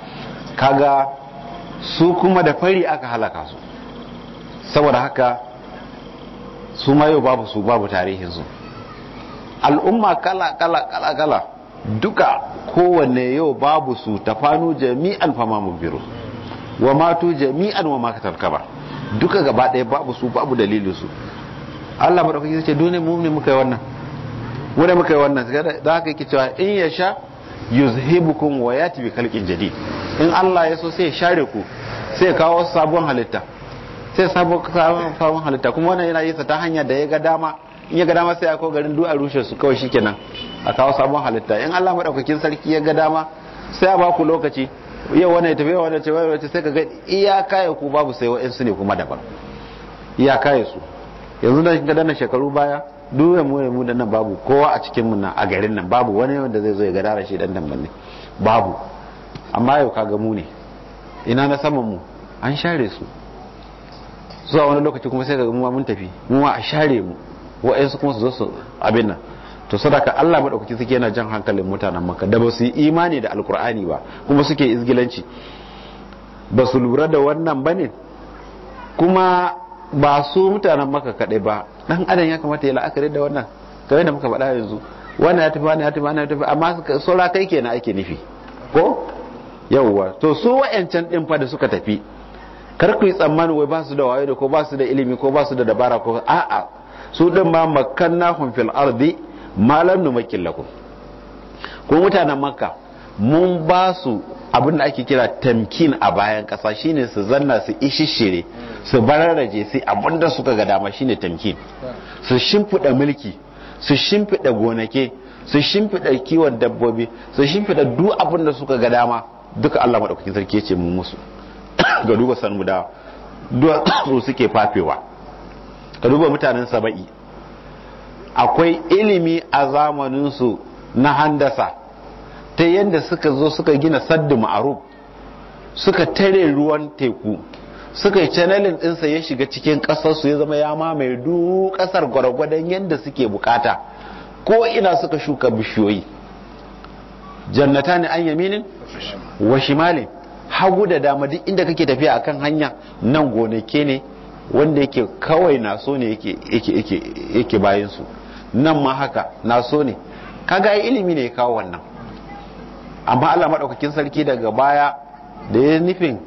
kaga su kuma da fari aka halaka su saboda haka su ma yau babu su babu tarihin su al'umma kala kala kala kala duka kowanne yau babu su tafanu jami'an fama mubiru wa matu jami'an wa makatar kaba duka gaba ɗaya babu su babu dalilin su Allah madaukakin sarki dole mu ne muka yi wannan wani muka yi wannan da haka yake cewa in ya sha yuzhibukum wa yati bi khalqin jadid in Allah ya so sai ya share ku sai ya kawo sabon halitta sai sabon halitta kuma wannan yana yi ta hanya da ya ga dama in ya ga dama sai ya kawo garin duk rushe su kawai shikenan a kawo sabon halitta in Allah madaukakin sarki ya ga dama sai ya ba ku lokaci yau wani ya tafi wani ce wani ce sai ka ga iyaka ya ku babu sai wa'ansu ne kuma daban iyaka ya su yanzu da ga dana shekaru baya duwe mu mu da nan babu kowa a cikin mu nan a garin nan babu wani wanda zai zo ya gada shi dan nan banne babu amma yau kaga mu ne ina na saman mu an share su zuwa wani lokaci kuma sai kaga mu mun tafi mu a share mu su kuma su zo su abin nan to sadaka Allah madaukaki suke yana jan hankalin mutanen Makka da ba su yi imani da alkur'ani ba kuma suke izgilanci ba su lura da wannan bane kuma ba su mutanen maka kadai ba ɗan adam ya kamata ya la'akari da wannan kamar yadda muka faɗa yanzu wannan ya tafi wannan ya tafi ya tafi amma saura kai kenan ake nufi ko yawwa to su wa'ancan ɗin fa suka tafi kar ku yi tsammani wai ba su da wayo da ko ba su da ilimi ko ba su da dabara ko a'a su din ma makkannahum fil ardi malam lam ko mutanen makka mun ba su abin da ake kira tamkin a bayan kasa shine su zanna su ishishire su bararraje su abin da suka ga dama shine tamkin su shimfiɗa mulki su shimfiɗa gonake su shimfiɗa kiwon dabbobi su shimfiɗa duk abin da suka ga dama duka Allah maɗaukakin sarki ce mu musu [coughs] ga duba san mu da su suke fafewa ka duba mutanen saba'i akwai ilimi a zamaninsu na handasa ta yadda suka zo suka gina saddu ma'aruf suka tare ruwan teku suka yi canalin ɗinsa ya shiga cikin ƙasarsu ya zama ya mamaye duk ƙasar gwargwadon yadda suke bukata ko ina suka shuka bishiyoyi jannata ne an yaminin wa shimalin hagu da dama duk inda kake tafiya akan hanya nan gonake ne wanda yake kawai naso ne yake bayansu nan ma haka naso ne kaga ilimi ne kawo wannan amma Allah madaukakin sarki daga baya da ya nufin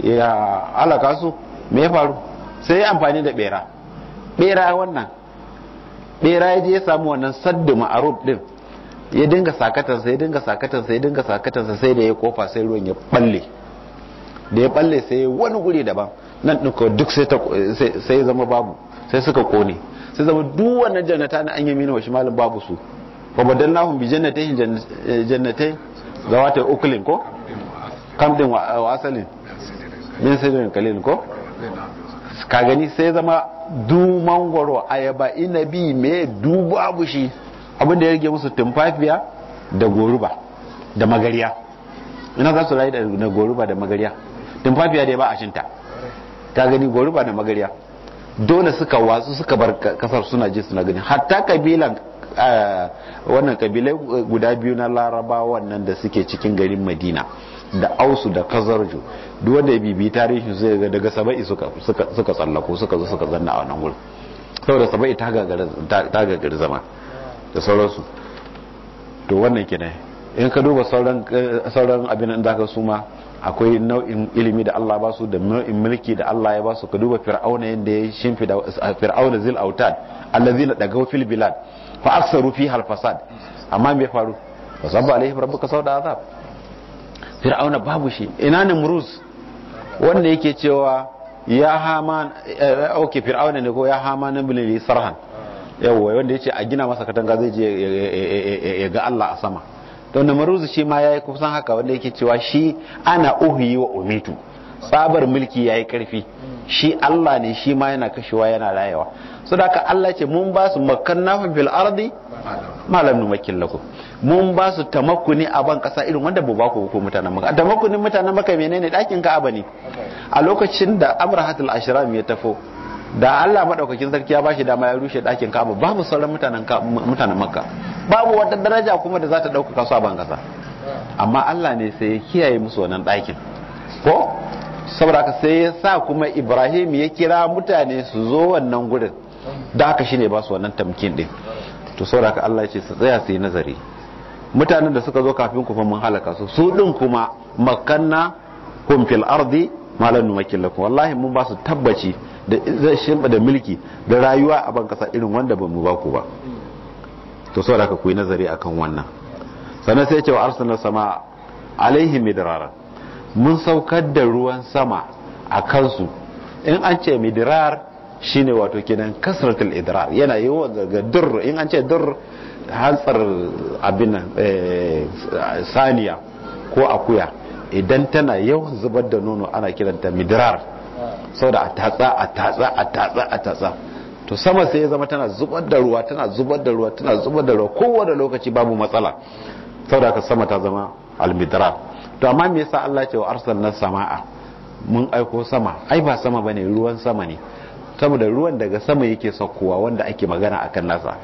ya alaka su me ya faru sai ya amfani da bera bera wannan bera ya je ya samu wannan saddu ma'aruf din ya dinga sakatansa ya dinga sakatansa ya dinga sakatansa sai da ya kofa sai ruwan ya balle da ya balle sai wani guri daban nan ko duk sai zama babu sai suka kone sai zama duk wannan jannata na an yi mina wa malam babu su wa badalnahum bi jannatai jannatai eh, wata ukulin ko kamdin wa min sidirin kalilin ko ka gani sai zama du mangoro ayaba inabi me dubu abushi abinda ya rage musu tumfafiya da goruba da magariya ina za su rayu da goruba da magariya tumfafiya da ya ba a cinta ka gani goruba da magariya dole suka watsu suka bar kasar suna ji suna gani hatta kabilan wannan kabilai guda biyu na Laraba wannan da suke cikin garin madina da ausu da kazarju duk wanda ya bibi tarihin zai ga daga saba'i suka tsallako suka zo suka zanna a wannan wurin saboda saba'i ta gagar zama da sauransu to wannan kenan in ka duba sauran abin da ka suma akwai nau'in ilimi da Allah ba su da nau'in mulki da Allah ya ba su ka duba fir'auna yadda ya shimfida fir'auna zil autad allazina dagaw fil bilad fa aksaru fi hal fasad amma me faru fa sabba alaihim rabbuka sauda azab fir'auna babu shi ina murus wanda yake cewa ya hama eh, okay fir'auna ne ko ya hama nan bilin sarhan yawa wanda yace a gina masa katanga zai je eh, eh, ya ga Allah a sama to namrus shi ma yayi kusan haka wanda yake cewa shi ana uhyi wa umitu tsabar mulki yayi karfi shi Allah ne shi ma yana kashewa yana rayewa sadaka Allah ce mun ba su makkannahum fil ardi malam numakin lakum mun ba su tamakkuni a ban kasa irin wanda ba ku ko mutanen maka tamakkunin mutanen maka menene dakin ka abani a lokacin da amrahatul ashram ya tafo da Allah madaukakin sarki ya bashi dama ya rushe dakin ka'aba babu sauran mutanen mutanen maka babu wata daraja kuma da za ta dauka kasa a ban kasa amma Allah ne sai ya kiyaye musu wannan dakin ko saboda ka sai ya sa kuma Ibrahim ya kira mutane su zo wannan gurin da haka shine ba su wannan tamkin din to saboda Allah ya ce su tsaya su yi nazari mutanen da suka zo kafin ku fa mun halaka su su din kuma makanna kum fil ardi ma lan lakum wallahi mun ba su tabbaci da shimba da mulki da rayuwa a ban kasa irin wanda ba mu ba ku ba to saboda ka ku yi nazari akan wannan sannan sai ya ce wa arsalna sama alaihim midrara mun saukar da ruwan sama a kansu in an ce midrar shine wato kenan kasratul idrar yana wa daga dur in an ce dur hantsar abin eh, saniya ko akuya idan tana yawan zubar da nono ana kiranta midrar da a tatsa a tatsa a tatsa a tatsa to sama sai ya zama tana zubar da ruwa tana zubar da ruwa tana zubar da ruwa kowane lokaci babu matsala Sau da aka sama ta zama almidrar to amma me yasa Allah ya ce wa arsalna samaa mun aiko sama ai ba sama bane ruwan sama ne saboda ruwan daga sama yake saukowa wanda ake magana akan nasa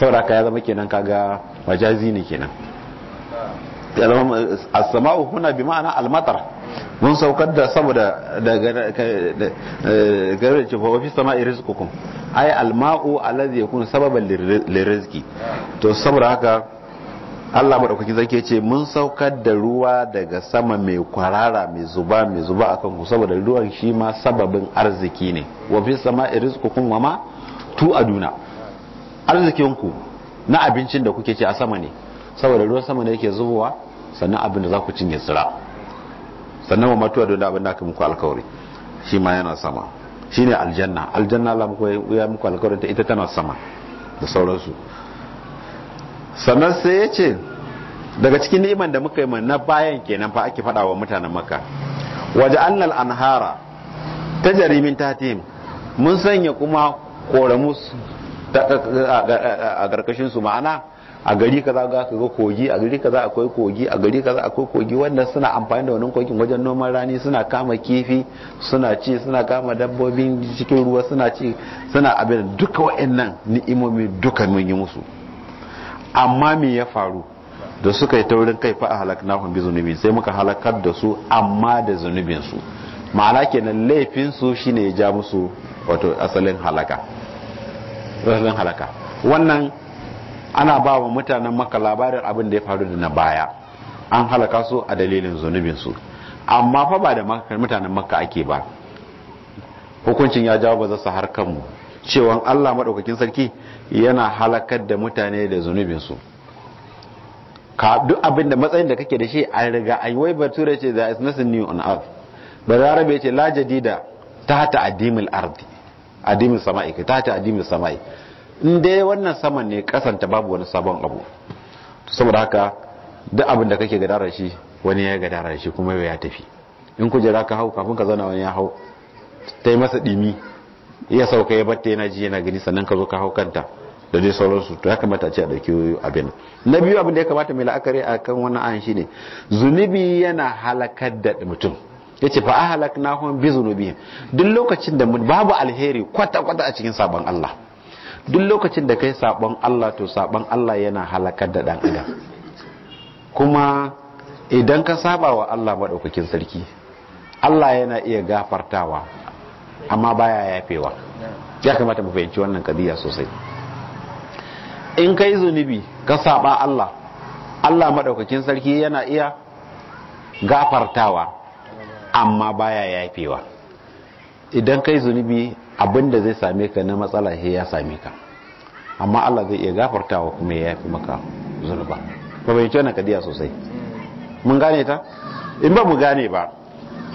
saboda ka ya zama kenan kaga majazi ne kenan as-sama'u huna bi ma'ana al-matar mun saukar da saboda daga da eh, ce fa fi sama'i rizqukum ay al-ma'u alladhi yakunu sababan lirizqi to saboda haka Allah madaukaki zake ce mun saukar da ruwa daga sama mai kwarara mai zuba mai zuba akan ku saboda ruwan shi ma sababin arziki ne wa fi sama rizqukum wa ma tu aduna arzikin ku na abincin da kuke ci a sama ne saboda ruwan sama ne yake zubowa sannan abin da za ku cinye tsira sannan wa matuwa da abin da aka muku alkawari shi ma yana sama shine aljanna aljanna Allah muku ya muku alkawarin ta ita tana sama da sauransu sannan sai ya ce daga cikin ni'iman da muka yi ma na bayan kenan fa ake faɗa wa mutanen makka waje annal anhara ta jarimin tatim mun sanya kuma koramu a ƙarƙashin su ma'ana a gari kaza ga ka ga kogi a gari kaza akwai kogi a gari kaza akwai kogi wanda suna amfani da wannan kogin wajen noman rani suna kama kifi suna ci suna kama dabbobin cikin ruwa suna ci suna abin duka wa'annan ni'imomi duka mun yi musu amma me ya faru da suka yi taurin kai fa ahlaknahum bi zunubi sai muka halakar da su amma da zunubin su ma'ana kenan laifin su shine ya ja musu wato asalin halaka wannan ana ba wa mutanen maka labarin abin da ya faru da na baya an halaka su a dalilin zunubin su amma fa ba da mutanen maka ake ba hukuncin ya jawo ba za su har kanmu cewa Allah maɗaukakin sarki yana halakar da mutane da zunubinsu ka duk abin matsayin da kake da shi a riga a yi waibar tura ce there is nothing new on earth balarabe ce la jadida ta hata adimil ardi adimin sama'i ta adimin sama'i in dai wannan saman ne kasanta babu wani sabon abu saboda haka duk abin da kake gadara shi wani ya gadara shi kuma ya tafi in kujera ka hau kafin ka zauna wani ya hau ta yi masa dimi iya sauka ya batte yana ji yana gani sannan ka zo ka hau kanta da dai sauransu to ya kamata a ce a dauki abin na biyu abin da ya kamata mai la'akari a kan wannan shi shine zunubi yana halakar da mutum ya ce fa'a halakna hun bi zunubi duk lokacin da babu alheri kwata-kwata a cikin sabon Allah duk lokacin da kai sabon Allah to sabon Allah yana halakar da dan adam kuma idan ka saba wa Allah maɗaukakin sarki Allah yana iya gafartawa amma baya yafewa ya kamata mu fahimci wannan kadiya sosai in kai zunubi ka saba Allah Allah madaukakin sarki yana iya gafartawa amma baya yafewa idan kai zunubi abinda zai same ka na matsala he ya same ka amma Allah zai iya gafartawa kuma ya yafi maka zunuba ba bai tona kadiya sosai mun gane ta in ba mu gane ba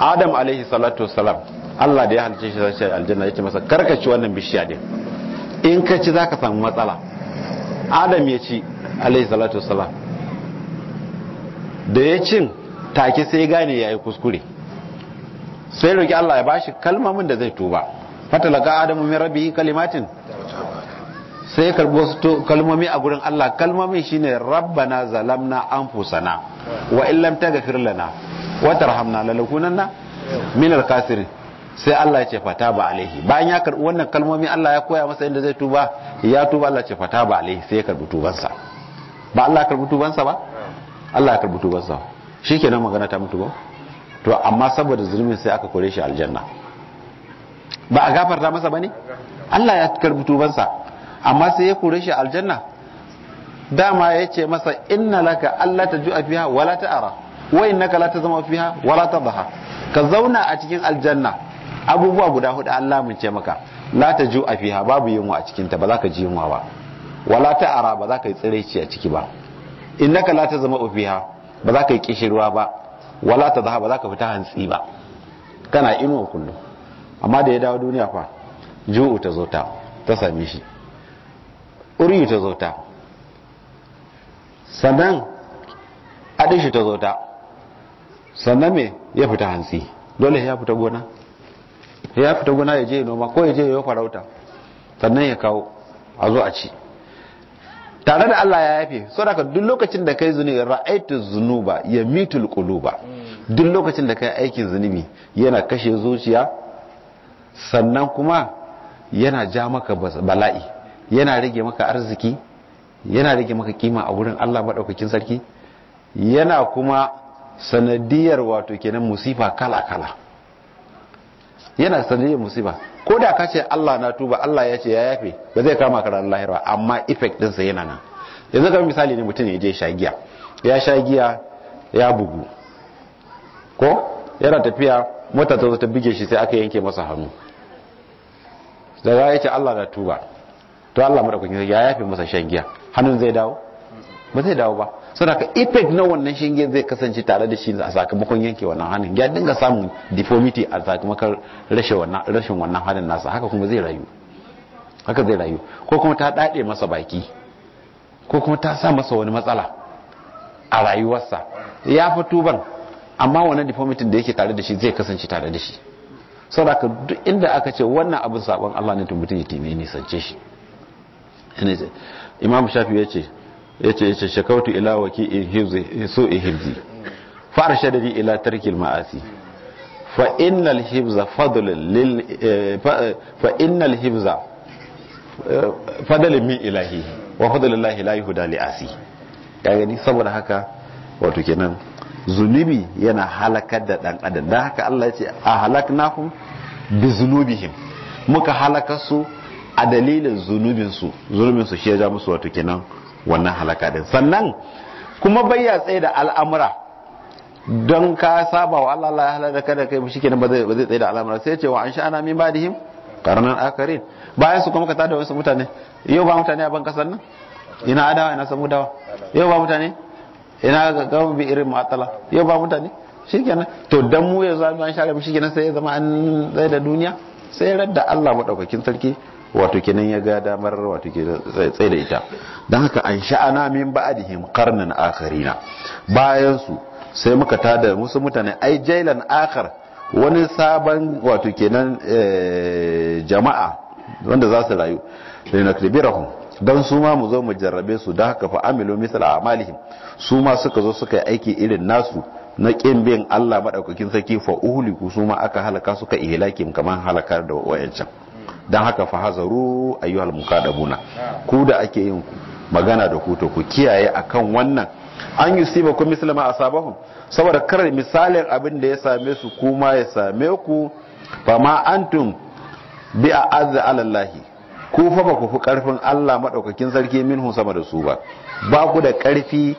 adam alaihi salatu wasalam Allah da ya halice shi zai aljanna yace masa karkaci wannan bishiya din in ka ci zaka samu matsala adam ya ci alaihi salatu wasalam da ya cin take sai gane yayi kuskure sai roki Allah ya bashi kalmomin da zai tuba fatalaka adamu min rabbihi kalimatin sai ya karbi wasu kalmomi a gurin Allah kalmomi shine rabbana zalamna anfusana wa illam tagfir lana hamna lalakunan na? minar kasirin. sai Allah ya ce fata ba alaihi bayan ya karbi wannan kalmomi Allah ya koya masa inda zai tuba ya tuba Allah ya ce fata ba alaihi sai ya karbi tubansa ba Allah ya karbi tubansa ba Allah ya karbi tubansa shikenan magana ta mutu ba to amma saboda zulmin sai aka kore shi aljanna ba a gafarta masa bane Allah ya karbi tubansa amma sai ya kore shi aljanna dama ya ce masa inna laka alla tajua fiha wala ta'ara wa innaka la tazma fiha wa la tadha ka zauna a cikin aljanna abubuwa guda hudu Allah mun ce maka la taju a fiha babu yunwa a cikin ta ba za ka ji yunwa ba wala ara ba za ka yi tsiraici a ciki ba innaka la tazma fiha ba za ka yi kishirwa ba wala tadha ba za ka fita hantsi ba kana inuwa kullum amma da ya dawo duniya fa ju'u ta zo ta ta same shi uri ta zo ta sannan adishi ta zo ta sannan me ya fita hantsi dole ya fita gona ya fita gona ya je ya noma ko ya je ya farauta sannan ya kawo a zo a ci tare da Allah ya yafe saboda duk lokacin da kai zunubi ra'aitu zunuba yamitul quluba duk lokacin da kai aikin zunubi yana kashe zuciya sannan kuma yana ja maka bala'i yana rage maka arziki yana rage maka kima a wurin Allah madaukakin sarki yana kuma sanadiyar wato kenan musifa kala kala yana sanadiyar musifa ko da ka ce Allah na tuba Allah ya ce ya yafe ba zai kama karar lahira amma effect dinsa yana nan yanzu kamar misali ne mutum ya je shagiya ya shagiya ya bugu ko yana tafiya mota ta ta buge shi sai aka yanke masa hannu daga ya ce Allah na tuba to Allah madaukakin ya yafe masa shagiya hannun zai dawo ba zai dawo ba ka effect na wannan shinge zai kasance tare da shi a sakamakon yanke wannan hannun ya dinga samun deformity a sakamakon rashin wannan hannun nasa haka kuma zai rayu haka zai rayu ko kuma ta daɗe masa baki ko kuma ta sa masa wani matsala a rayuwarsa ya fi tuban amma wannan deformity da yake tare da shi zai kasance tare da shi ka duk inda aka ce wannan abin sabon Allah ne to mutum ya time nisance shi imam shafi ya ce ce ce shakautu ila waki so in hibzi fa arshadani ila tarkil ma'asi fa innal hibza fadlun lil eh, fa innal eh, min ilahi wa fadlullahi la yuhda li asi ya gani saboda haka wato kenan zunubi yana halakar da dan adam dan haka Allah ya ce a halaknahum bi zunubihim muka halaka su a dalilin zunubinsu zunubinsu shi ya ja musu wato kenan wannan halaka din sannan kuma bai ya tsaye da al'amura don ka saba wa Allah Allah ya halaka da kai shi kenan ba zai tsaye da al'amura sai ce wa an sha'ana min ba ba'dihim qarnan akarin bayan su kuma ka tada wasu mutane yau ba mutane a ban kasar nan ina adawa ina samu dawa yau ba mutane ina ga gawo bi irin matsala yau ba mutane shi kenan to dan mu ya zama an share mu kenan sai ya zama an tsaye da duniya sai radda Allah madaukakin sarki wato kenan ya ga damar wato kenan tsaye da ita don haka an sha'ana min ba'dihim karnin akharina bayan su sai muka tada musu mutane ai jailan akhar wani sabon wato kenan eh, jama'a wanda za su rayu linakbirahum dan su ma mu zo mu jarrabe su da haka fa amilu misal a'malihim su ma suka zo suka yi aiki irin nasu na kin bin Allah madaukakin sarki fa uhliku su aka halaka suka ihlakim kaman halakar da wayancan don haka fa hazaru ayyuhal mukadabuna ku da ake yin magana da ku to ku kiyaye akan wannan an yusiba ku mislama asabahum saboda kar misalin abin da ya same su kuma ya same ku fa ma antum bi a'azza alallahi ku fa ba ku fi karfin Allah madaukakin sarki minhu sama da su ba ba ku da karfi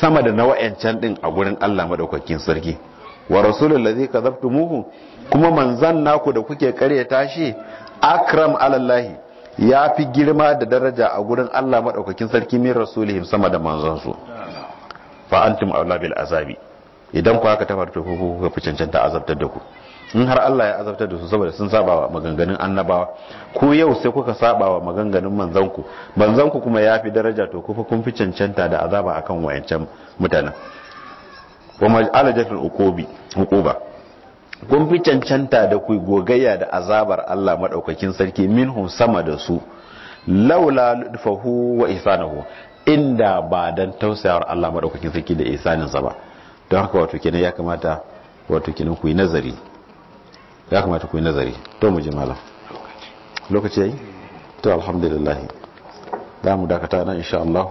sama da na wa'ancan din a gurin Allah madaukakin sarki wa rasulullahi ladzi kadhabtumuhu kuma manzan naku da kuke karyata shi akram alallahi ya fi girma da daraja a gurin Allah maɗaukakin sarki min rasulihim sama da manzansu fa antum aula bil azabi idan ku haka tafarto ku ku fi cancanta azabtar da ku in har Allah ya azabtar da su saboda sun sabawa maganganun annabawa ku yau sai kuka maganganun wa maganganun manzanku manzanku kuma ya fi daraja to ku kun fi cancanta da azaba akan wayancan mutanen wa maj'ala jafil uqubi uquba kun fi cancanta da ku gogayya da azabar Allah madaukakin sarki minhum sama da su laula ludfahu wa ihsanahu inda ba dan tausayawar Allah madaukakin sarki da ihsanin sa ba don haka wato kenan ya kamata wato kenan ku yi nazari ya kamata ku yi nazari to mu ji malam lokaci yayi to alhamdulillah za mu dakata nan insha Allah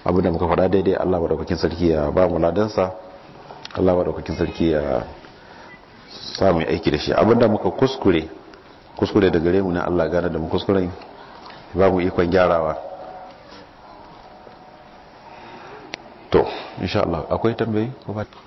abu da muka faɗa daidai Allah madaukakin sarki ya ba mu ladansa Allah madaukakin sarki ya samun aiki da shi abinda muka kuskure kuskure da gare mu na Allah gane da mu ne ba mu ikon gyarawa to insha Allah akwai tambayi ko ba